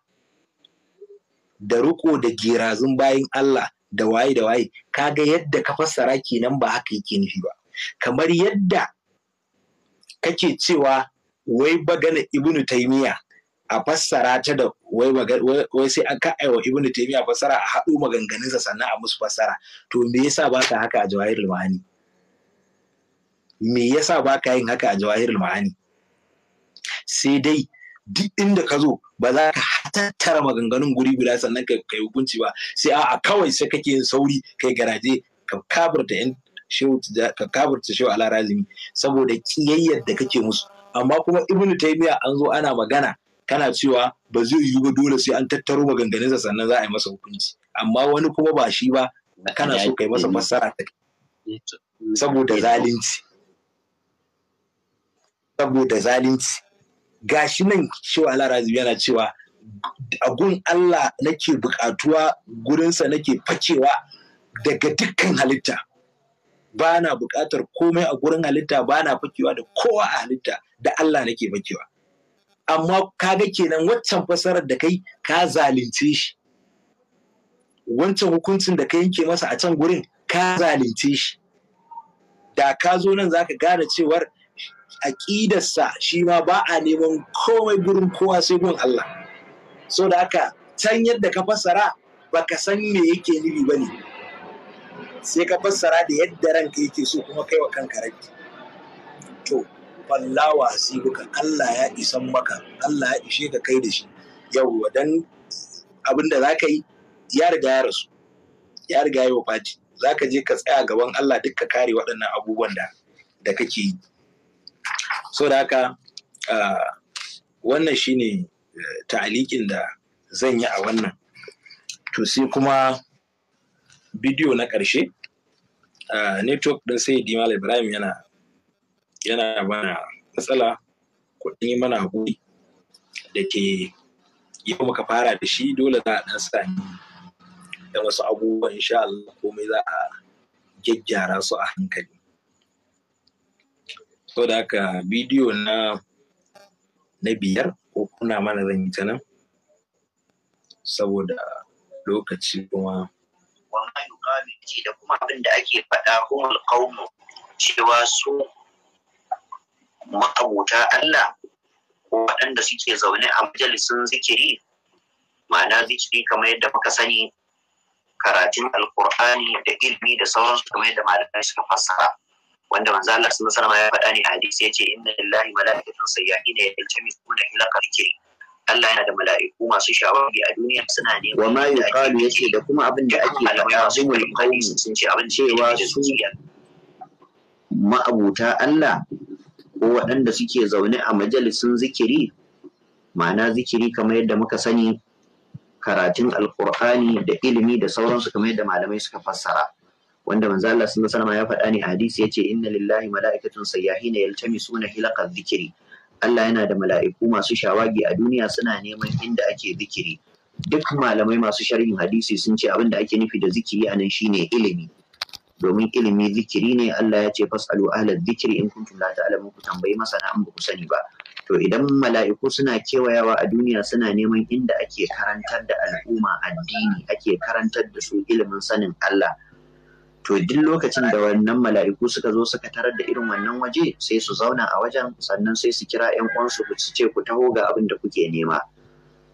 da ruko da girazun bayan Allah da waye da waye kaga yadda ka fassara kenan ba haka yake nufi ba kamar yadda kake cewa wai bagana ibnu taymiya a fassara ta da wai wai sai an ka aiwa ibnu taymiya fassara a haɗo maganganunsa sannan a musu fassara to me yasa ba ka haka a jawahirul ma'ani me yasa ba ka yin haka a jawahirul ma'ani sai dai duk inda ka zo ba za ka tattara maganganun guri guda sannan ka kai hukunci ba sai a'a kawai sai kake yin sauri kai garaje ka kabarta yan ka kabarta shehu ala razimi saboda kiyayyar da kake musu amma kuma ibnu taymiya an zo ana magana kana cewa ba zai yiwu ba dole sai an tattaro maganganunsa sannan za a yi masa hukunci amma wani kuma ba shi ba kana so kai masa fassara ta saboda zalunci saboda zalunci gashi nan cewa wa yana cewa a gun Allah nake bukatuwa gurinsa nake fakewa daga dukkan halitta ba na bukatar komai a gurin halitta ba na fakewa da kowa a halitta da Allah nake fakewa amma ka ga kenan waccan fasarar da kai ka zalunce shi wancan hukuncin da ka yanke masa a can gurin ka zalunce shi da ka zo nan zaka gane cewar aƙidarsa shi ma ba a neman komai gurin kowa sai gun Allah so da haka can yadda ka fassara ka san me yake nufi ba ne. sai ka fassara da yadda ranka yake so kuma kai wa kanka rabi. to sai buka Allah ya isan maka Allah ya ishe ka kai da shi Yau wadan abin da za ka yi ya riga ya rasu ya riga ya wa za ka je ka tsaya gaban Allah duk ka kare waɗannan abubuwan da kake yi so da haka wannan shine eh, ta'alikin da zan yi a wannan to sai kuma bidiyo na ƙarshe network ɗin sai dimal ibrahim yana yana mana matsala kuɗin mana haƙuri da ke yau muka fara da shi dole za a ɗan sami da wasu abubuwa insha Allah komai za a gyaggyara su a hankali so da haka bidiyo na na biyar ko kuna mana zan yi ta nan saboda lokaci kuma wannan ce da kuma abin da ake faɗa kuma alƙawmu cewa su ma'abuta Allah ko waɗanda suke zaune a majalisun zikiri ma'ana zikiri kamar yadda muka sani karatun Alƙur'ani da ilmi da sauransu kamar yadda malamai suka fassara wanda manzo Allah sallallahu alaihi wasallam ya faɗa ne a hadisi yace inna lillahi malaikatan sayyahin yajtamisuna ila dhikri Allah yana da mala'iku masu shawari a duniya suna ne wa ma yuqalu yace da kuma abin da ake yi a qawmi sun ce abin cewa su ma'abuta Allah ko waɗanda suke zaune a majalisun zikiri ma'ana zikiri kamar yadda muka sani karatun alkur'ani da ilimi da sauransu kamar yadda malamai suka fassara wanda manzo Allah sallallahu alaihi wasallam ya faɗa ne a hadisi yace inna lillahi mala'ikatun sayyahina yaltamisuna hilaqa dhikri Allah yana da mala'iku masu shawagi a duniya suna neman inda ake zikiri duk malamai masu sharhin hadisi sun ce abin da ake nufi da zikiri a nan shine ilimi domin ilimi zikiri ne Allah ya ce fasalu ahla zikiri in kuntum la ta'lamun ku tambayi masana an ba ku sani ba to idan mala'iku suna kewayawa a duniya suna neman inda ake karantar da al'umma addini ake karantar da su ilimin sanin Allah to duk lokacin da wannan mala'iku suka zo suka tarar da irin wannan waje sai su zauna a wajen sannan sai su kira 'yan uwansu su ce ku taho ga abin da kuke nema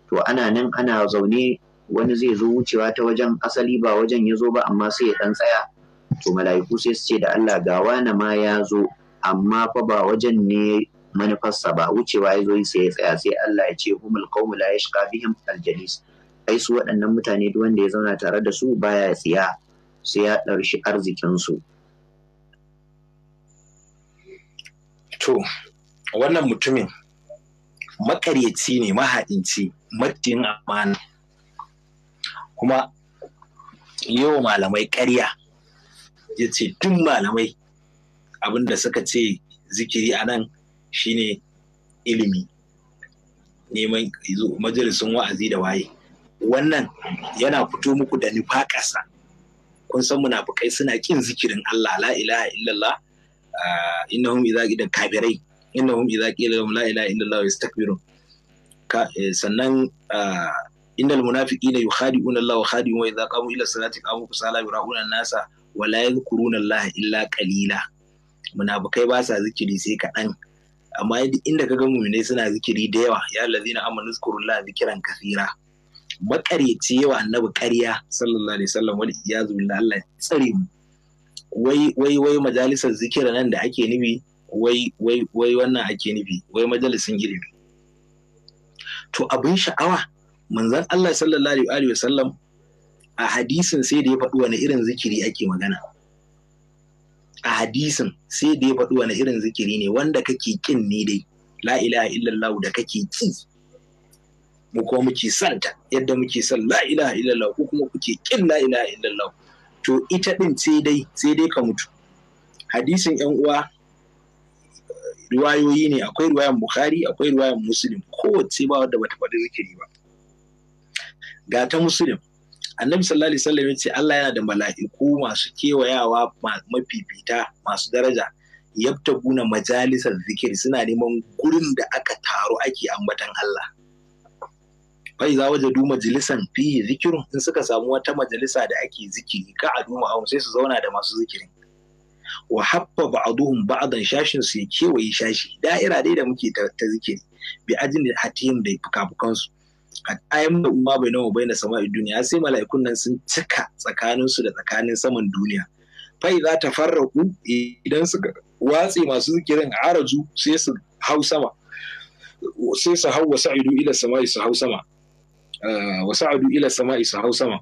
to ana nan ana zaune wani zai zo wucewa ta wajen asali ba wajen ya zo ba amma sai ya dan tsaya to mala'iku sai su ce da Allah ga wani ma ya zo amma fa ba wajen ne manufarsa ba wucewa ya zo sai ya tsaya sai Allah ya ce humul qawmu la yashqa bihim aljalis ai su waɗannan mutane duk wanda ya zauna tare da su baya tsiya sai ya ɗarshi arzikinsu. To, wannan mutumin makaryaci ne mahaɗinci martin amana kuma yau malamai ƙarya ya ce tun malamai abinda suka ce zikiri a nan shine ilimi neman majalisun wa'azi da waye wannan yana fito muku da nufa ƙasa kun san munafukai suna kin zikirin Allah la ilaha illallah ah, innahum idza qila kafirai innahum idza qila la ilaha illallah yastakbirun eh, sannan ah, innal munafiqina yukhadi'una Allah wa khadi'un wa idza qamu ila salati qamu kusala yura'una nasa wa la yadhkuruna Allah illa qalila munafukai ba sa zikiri sai kaɗan amma inda ka ga muminai suna zikiri da yawa ya allazina amanu zkurullaha zikran kathira makareci yawa annabi ƙarya sallallahu alaihi wasallam wani iyazu billah Allah tsare mu wai wai wai majalisar zikira nan da ake nufi wai wai wai wannan ake nufi wai majalisin ilimi to abin sha'awa manzon Allah sallallahu alaihi wasallam a hadisin sai da ya faɗi wani irin zikiri ake magana a hadisin sai da ya faɗi wani irin zikiri ne wanda kake kin ni dai la ilaha illallah da kake ki mu kuma muke santa yadda muke san la ilaha illallah ko kuma kuke kin la ilaha illallah to ita din sai dai sai dai ka mutu hadisin yan uwa riwayoyi ne akwai riwayan bukhari akwai riwayan muslim kowace ba wadda bata faɗi zikiri ba ga ta muslim annabi sallallahu alaihi wasallam ce Allah yana da mala'iku masu kewayawa mafifita masu daraja yabtaguna majalisar zikiri suna neman gurin da aka taru ake ammatan Allah fa waje wajadu majalisan fi zikrun in suka samu wata majalisa da ake zikiri ka a duma ma'ahum sai su zauna da masu zikirin wa haffa ba'duhum ba'dan shashin su ya kewaye shashi da'ira dai da muke ta zikiri bi ajin hatihim da fukafukan su hatta da umma bai nawa bai na sama'i duniya sai mala'ikun nan sun cika tsakanin su da tsakanin saman duniya fa ta farraku idan suka watsi masu zikirin araju sai su hau sama sai su hau ila sama'i su hau sama Eh, wasu ila sama'i su hau sama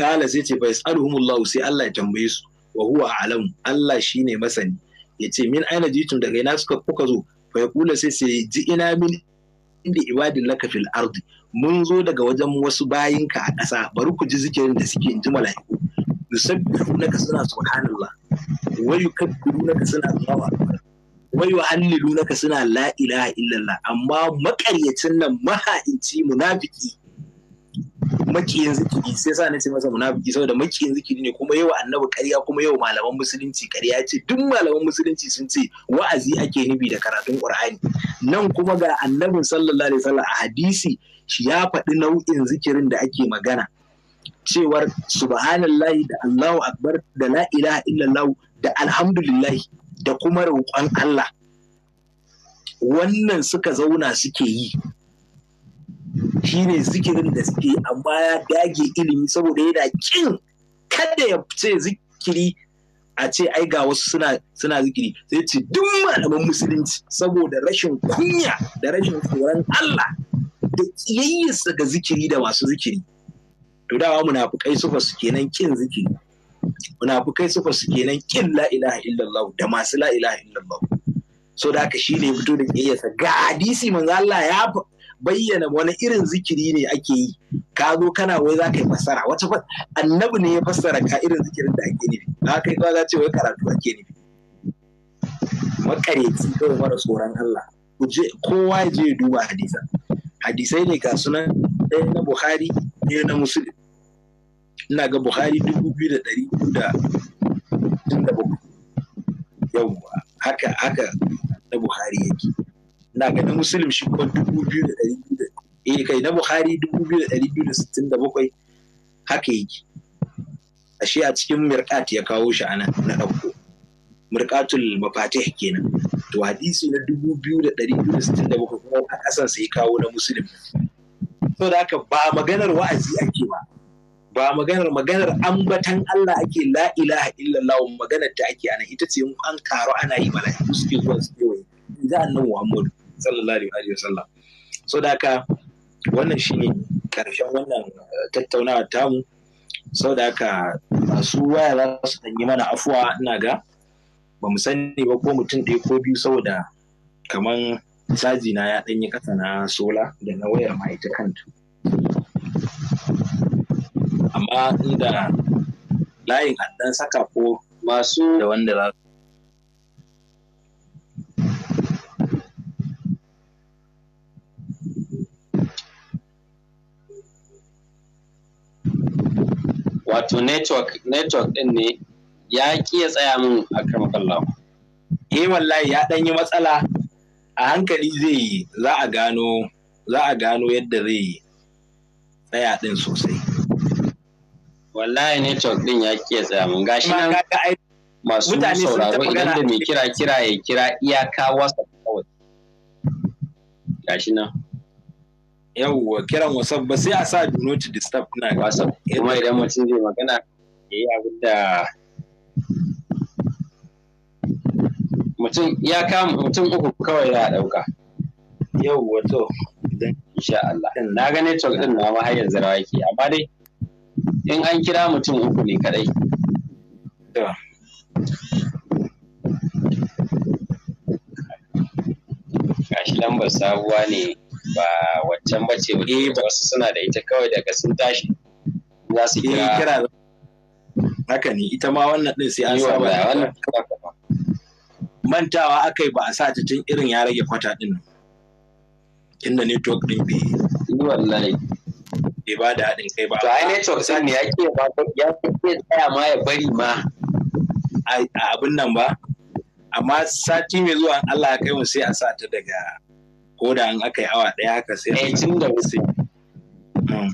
kala sai ce fa yas'aluhumullahu sai Allah ya tambaye su wa huwa alamu Allah shine masani yace min aina jitum daga ina suka kuka zo fa kula sai sai ji ina min inda ibadin laka fil ardi mun zo daga wajen wasu bayinka a ƙasa bari ku ji zikirin da suke inji ji mala'iku ka suna subhanallah wa ka suna Allahu wai wa hannu ka suna la ilaha illallah amma makaryacin nan maha'inci munafiki makiyin zikiri sai sa na ce masa munafiki saboda makiyin zikiri ne kuma yau annabi ƙarya kuma yau malaman musulunci ƙarya ce duk malaman musulunci sun ce wa'azi ake nubi da karatun qur'ani nan kuma ga annabin sallallahu alaihi wasallam a hadisi shi ya faɗi nau'in zikirin da ake magana cewar subhanallahi da Allahu akbar da la ilaha illallah da alhamdulillah da kuma roƙon Allah wannan suka zauna suke yi shine zikirin da suke amma ya dage ilimi saboda yana kin kada ya ce zikiri a ce ai ga wasu suna suna zikiri sai ce duk malaman musulunci saboda rashin kunya da rashin tsoron Allah da kiyayyarsa ga zikiri da masu zikiri to dawa munafukai suka su kenan kin zikiri kai sufa su kenan kin la ilaha illallah da masu la ilaha illallah so da aka shi ne fito da sa. ga hadisi manzo Allah ya bayyana wani irin zikiri ne ake yi ka zo kana wai za ka yi fassara wata annabi ne ya fassara ka irin zikirin da ake nufi Ba kai ba za ce wai karatu ake nufi makareci kawai mara tsoron Allah kowa ya je ya duba hadisa hadisai ne ga sunan ɗaya na Buhari ɗaya na Musulun. ina ga buhari dubu biyu da ɗari da da bakwai yawwa haka haka na buhari yake ina ga na musulun shi kuma dubu biyu da ɗari biyu da eh kai na buhari dubu biyu da ɗari biyu da sittin da bakwai haka yake ashe a cikin mirkat ya kawo shi a nan na ɗauko mirkatul mafatih kenan to hadisi na dubu biyu da ɗari biyu da sittin da bakwai kuma a ƙasan sai kawo na musulun to da haka ba maganar wa'azi ake ba ba maganar maganar ambatan Allah ake la ilaha illallah maganar ta ake ana ita ce an karo ana yi mala suke zuwa su kewaye annabi Muhammad sallallahu alaihi wa wasallam so da haka wannan shine karshen wannan eh, tattaunawa tamu so da haka masu waya za su yi mana afuwa ina ga ba mu sani ba ko mutum ɗaya ko biyu saboda kaman caji na ya ɗanyi kasa na sola da na wayar ma ita kanta amma inda layin hannun saka ko masu da wanda za wato network network din ne ya ki ya tsaya min a kan kallon eh wallahi ya dan yi matsala a hankali zai yi za a gano za a gano yadda zai yi tsaya din sosai wallahi network din ya ke tsaya mun gashi nan masu sauraro idan da mai kira kira ya kira iyaka wasa kawai gashi nan yauwa kiran whatsapp ba sai a sa do not disturb na whatsapp kuma idan mutum zai magana ya yi abin da mutum ya kama mutum uku kawai ya dauka yauwa to idan insha Allah na ga network din na ma har yanzu rawa yake amma dai in an kira mutum uku ne kadai gashi lambar sabuwa ne ba waccan ba ce eh, ba wasu suna da ita kawai daga sun tashi za su kira eh, haka ne ita ma wannan din sai an saba wannan mantawa aka yi ba a sa ta tun irin ya rage kwata din nan inda network din bi wallahi bai ba da haɗin kai ba. To ai network sun ne yake ba ya ke tsaya ma ya bari ma a abin nan ba. Amma sati mai zuwa Allah ya kai mu sai a sa ta daga ko da an aka yi awa ɗaya haka sai. Eh tun da wasu. Hmm.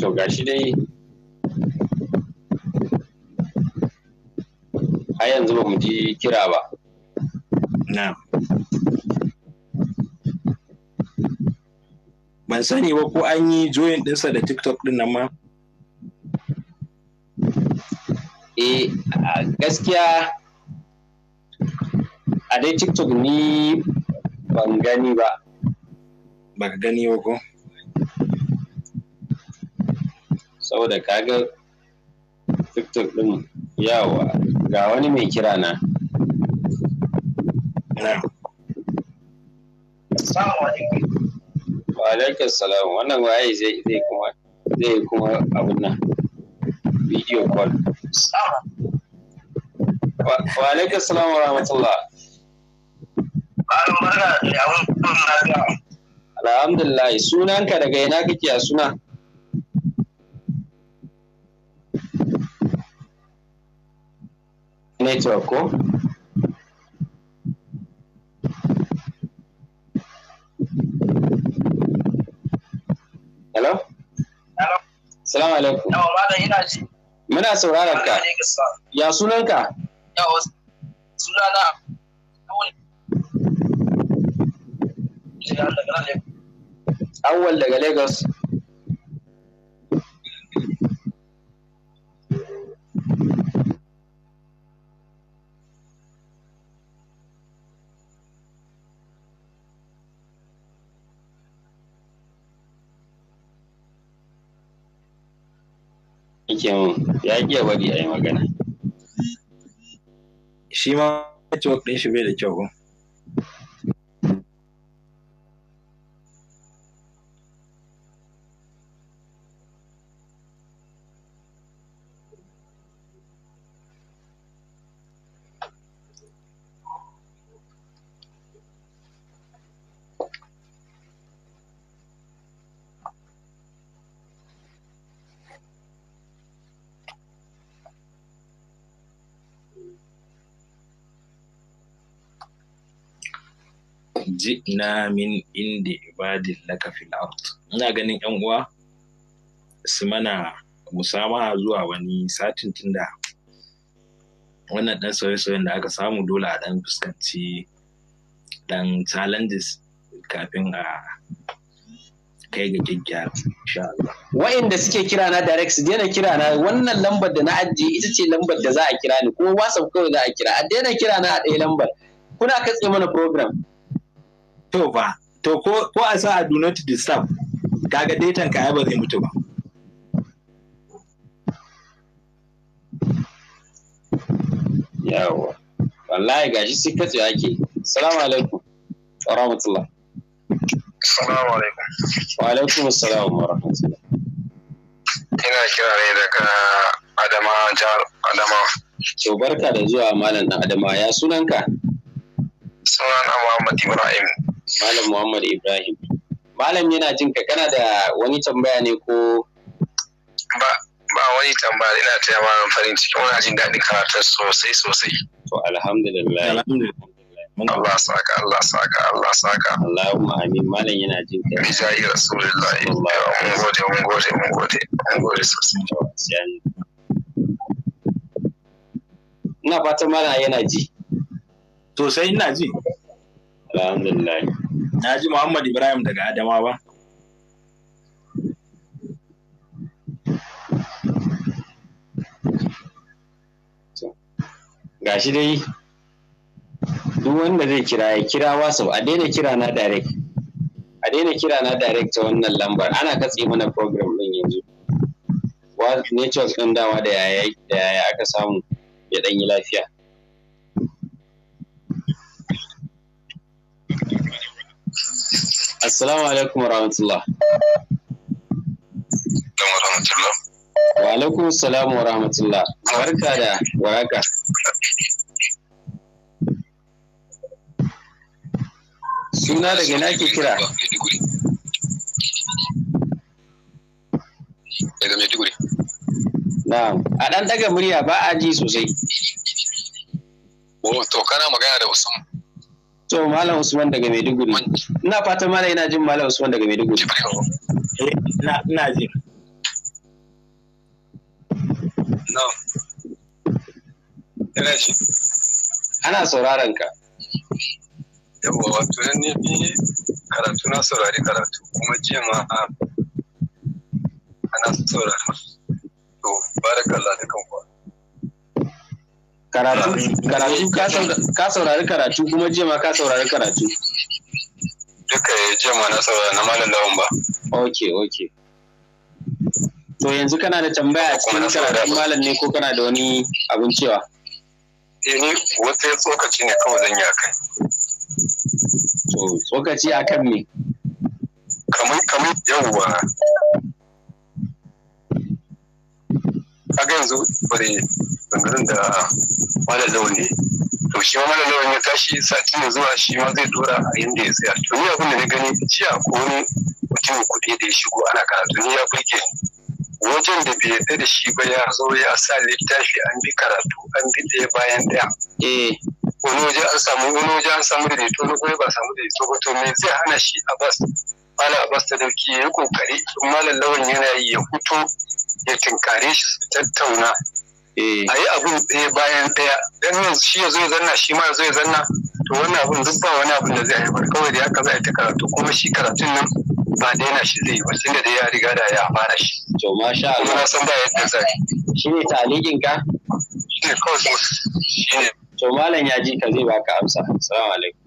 To gashi dai yanzu ba mu ji kira ba. Na'am. ban sani ba ko an yi join ɗinsa da tiktok din nan ma eh gaskiya a dai tiktok ni ban gani ba ba gani ba ko saboda kaga tiktok din yawa ga wani mai kira na Assalamu wa salamu wannan waye zai zai kuma zai kuma abun nan video call wa alaikum salam wa rahmatullah Alhamdulillah sunan ka daga ina kake a suna? Network ko? Salamu alaikum. Yawa malam ina ji. Muna sauraron ka. Ya sunan sunanka? Yawa sunana. Awal daga Lagos. yake mun ya iya bari a yi magana shi ma network ɗin shi bai da kyau ji'na min ibadin ibadillaka fil ard ina ganin yan uwa su mana musamaha zuwa wani satin tunda wannan dan sauye-sauyen da aka samu dole a dan fuskanci dan challenges kafin a kai ga gyaggyara insha Allah. Wa'inda suke kira na direct su daina kira na wannan lambar da na ajiye ita ce lambar da za a kira ni ko WhatsApp kawai za a kira a daina kira na a ɗaya lambar kuna katse mana program to ba to ko ko a sa a do not disturb kaga datan ka ba zai mutu ba yawa wallahi gashi sai katse ake assalamu alaikum wa rahmatullah assalamu alaikum wa alaikum assalam wa rahmatullah ina kira ne daga adama jihar adama to barka da zuwa malam dan adama ya sunanka sunana muhammad ibrahim Malam Muhammad Ibrahim. Malam yana jin ka kana da wani tambaya ne ko ba ba wani tambaya ina taya malam farin ciki muna jin daɗin karatun sosai sosai. To alhamdulillah. Allah saka Allah saka Allah saka. Allahumma amin malam yana jin ka. Bi jayi Rasulullahi. Mun gode mun gode mun gode mun gode sosai. Ina fatan malam yana ji. Sosai ina ji. Alhamdulillah. Na ji Muhammad Ibrahim daga Adama ba. Gashi dai duk wanda zai kira ya kira wasu a daina kira na direct. A daina kira na direct ta wannan lambar ana katse mana program din yanzu. Network din dawa da yaya aka samu ya danyi lafiya. Assalamu alaikum warahmatullah. Wa alaikum salamu wa rahmatullah. Barka da waraka. Suna daga na ke kira. Daga Maiduguri. Na'am, a ɗan daga murya ba a ji sosai. Oh, kana magana da Usman. To Malam Usman daga Maiduguri. Ina fatan Malam yana jin Malam Usman daga Maiduguri. Eh, ina ina ji. No. Ina ji. Ana sauraron ka. Yawwa wato nan ne bi karatu na saurari karatu kuma jiya ma ah, ana saurari. To barakallah da kankuwa. karatu karatu ka saurari karatu kuma jiya ma ka saurari karatu duka eh, jiya ma na saurari na malam da ba ok ok to yanzu kana da tambaya a cikin karatun malam ne ko kana da wani abin cewa eh, ni wata tsokaci ne kawai zan yi a kai to tsokaci a kan me kamar kamar yawwa kaga yanzu bare gangarin da malam launi to shi wani lawan ya tashi sati mai zuwa shi ma zai dora a inda ya tsaya to ni abin da na gani jiya ko wani mutumin kuɗi da ya shigo ana karatu ni ya burge wajen da bai yadda da shi ba ya zo ya sa littafi an bi karatu an bi ɗaya bayan ɗaya eh wani waje an samu wani waje an samu daidaito na goyi ba samu daidaito ba to me zai hana shi a bas malam abbas ta dauki ya yi kokari malam lawan yana yi ya fito ya tinkare shi su tattauna eh. a yi abin ɗaya bayan ɗaya don nan shi ya zo ya zanna shi ma ya zo ya zanna to wannan abin duk ba wani abin da zai haifar kawai da haka za a ta karatu kuma shi karatun nan ba daina shi zai yi ba tunda da ya riga da ya fara shi to sha Allah na san ba yadda zai shi ne talikin ka shi ne kawai shi ne to malam ya ji ka zai baka amsa assalamu alaikum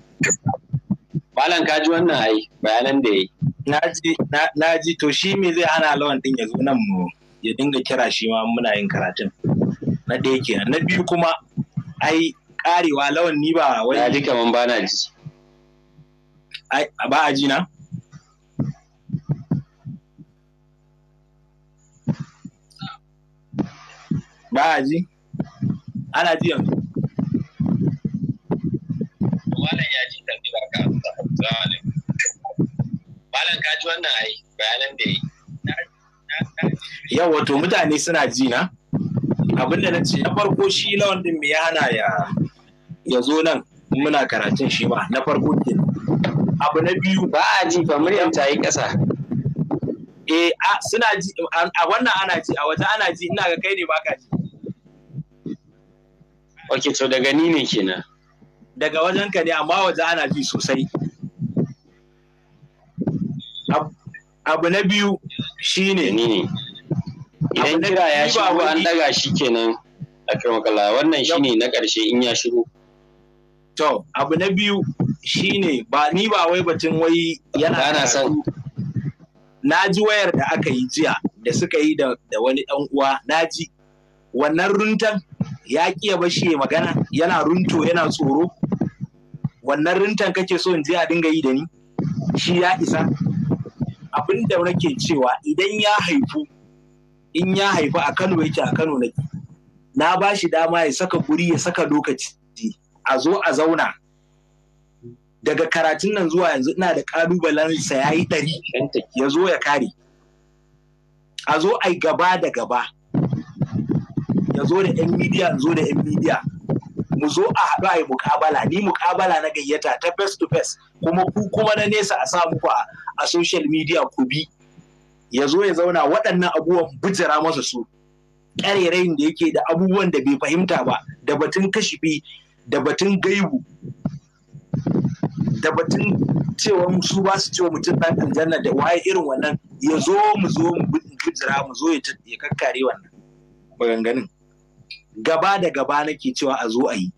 malam ka ji wannan ai bayanan da yayi na ji na ji to shi me zai hana lawan din ya zo nan mu ya dinga kira shi ma muna yin karatun na da yake na biyu kuma ai karewa lawan ni ba wai Ya ji kaman ba na ji ai ba a ji na ba a ji ana ji yanzu malam ya ji tafi barka malam ka ji wannan ai bayanan da yi yawa to mutane suna ji na abinda na ce na farko shi lawan din mai hana ya ya zo nan muna karatun shi ba na farko din abu na biyu ba a ji ba muryar ta yi ƙasa eh a suna ji a wannan ana ji a wata ana ji ina ga kai ne baka ji Ok, to daga ni ne kenan daga wajen ka ne amma waje ana ji sosai abu na biyu shi ne ni ne idan kira ya shigo an daga shi kenan a kirmakala wannan shi ne na ƙarshe in ya shigo to abu na biyu shi ne ba ni ba wai batun wai yana son na ji wayar da aka yi jiya da suka yi da wani ɗan uwa na ji wannan runtan ya kiya bashi magana yana runto yana tsoro wannan runtan kake so in je a dinga yi da ni shi ya isa abin da nake cewa idan ya haifu in ya haifu a Kano yake a Kano nake na ba shi dama ya saka guri ya saka lokaci a zo a zauna daga karatun nan zuwa yanzu ina da kalubalen sa ya yi ɗari ya zo ya kare a zo ai gaba da gaba ya zo da yan midiya zo da yan midiya mu zo a haɗu a yi mukabala ni mukabala na gayyata ta face to face kuma ku kuma na nesa a samu ku a social media ku bi ya zo ya zauna waɗannan abubuwan bujira masa su ƙarerayin da yake da abubuwan da bai fahimta ba da batun kashifi da batun gaibu da batun cewa su ba su cewa mutum ɗan aljanna da waye irin wannan ya zo mu zo mu bujira mu zo ya kakkare wannan maganganun gaba da gaba nake cewa a zo a yi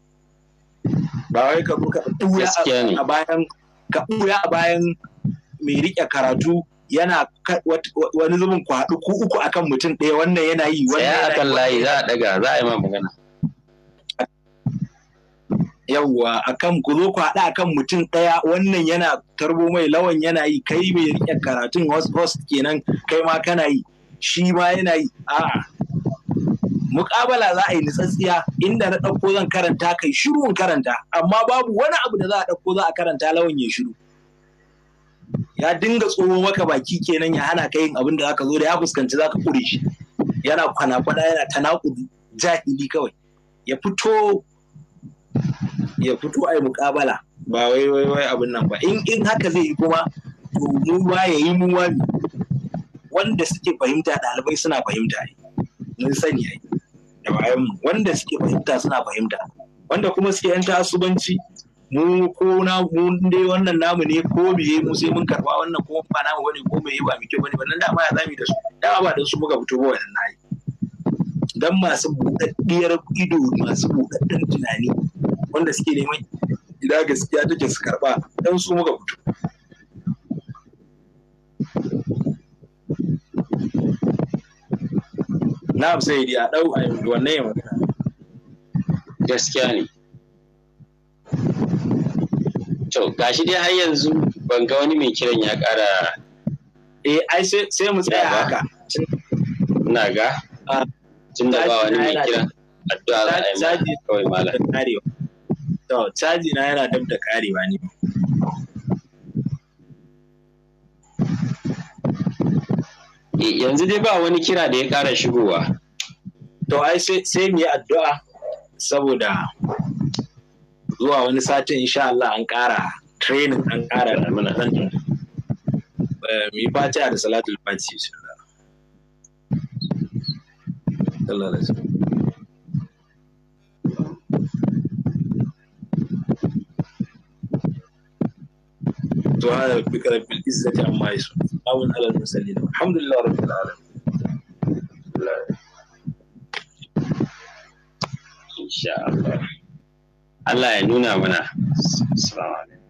ba wai ka ka a bayan ka ɓuya a bayan mai riƙe karatu yana wani zubin kwaɗu ku uku akan mutum ɗaya wannan yana yi wannan yana akan layi za a daga za a yi ma magana yawwa akan ku zo kwaɗa akan mutum ɗaya wannan yana tarbo mai lawan yana yi kai mai riƙe karatun host host kenan kai ma kana yi shi ma yana yi a'a Mukabala za a yi nitsatsiya inda na ɗauko zan karanta kai shiru in karanta amma babu wani abu da za a ɗauko za a karanta lawan ya shiru ya dinga tsoro maka baki kenan ya hana ka yin abin da zaka zo da ya fuskanci zaka kure shi yana kwana kwana yana tanakudu jahili kawai ya fito ya fito ai mukabala ba wai wai wai abin nan ba in in haka zai yi kuma to mu ba ya yi mu wani wanda suke fahimta ɗalibai suna fahimta ne mun sani ai da bayan wanda suke fahimta suna fahimta wanda kuma suke yan tasubanci mu ko na mu dai wannan namu ne ko biye mu sai mun karba wannan ko ba namu bane ko mai ba mike bane wannan ma ya zami da su da ba dan su muka fito ba wannan nayi dan masu budaddiyar ido masu budaddan tunani wanda suke neman ida gaskiya take su karba dan su muka fito na sai dai a dau a wannan yau gaskiya ne to gashi dai har yanzu ban ga wani mai kiran ya kara eh ai sai mu tsaya haka ina ga ah, tun da ba wani mai kiran addu'a za a yi kawai malam to caji na yana dab da karewa ne yanzu dai ba wani kira da ya ƙara shigowa to ai sai mu yi addu'a saboda zuwa wani satin insha Allah an ƙara training an ƙara da mana zan eh, mu yi fatiha da salatul fatiha sallallahu alaihi wasallam سبحان ربك رب amma عما المقاول على المسلمين الحمد لله رب العالمين لا. ان شاء الله الله يعيننا منا السلام عليكم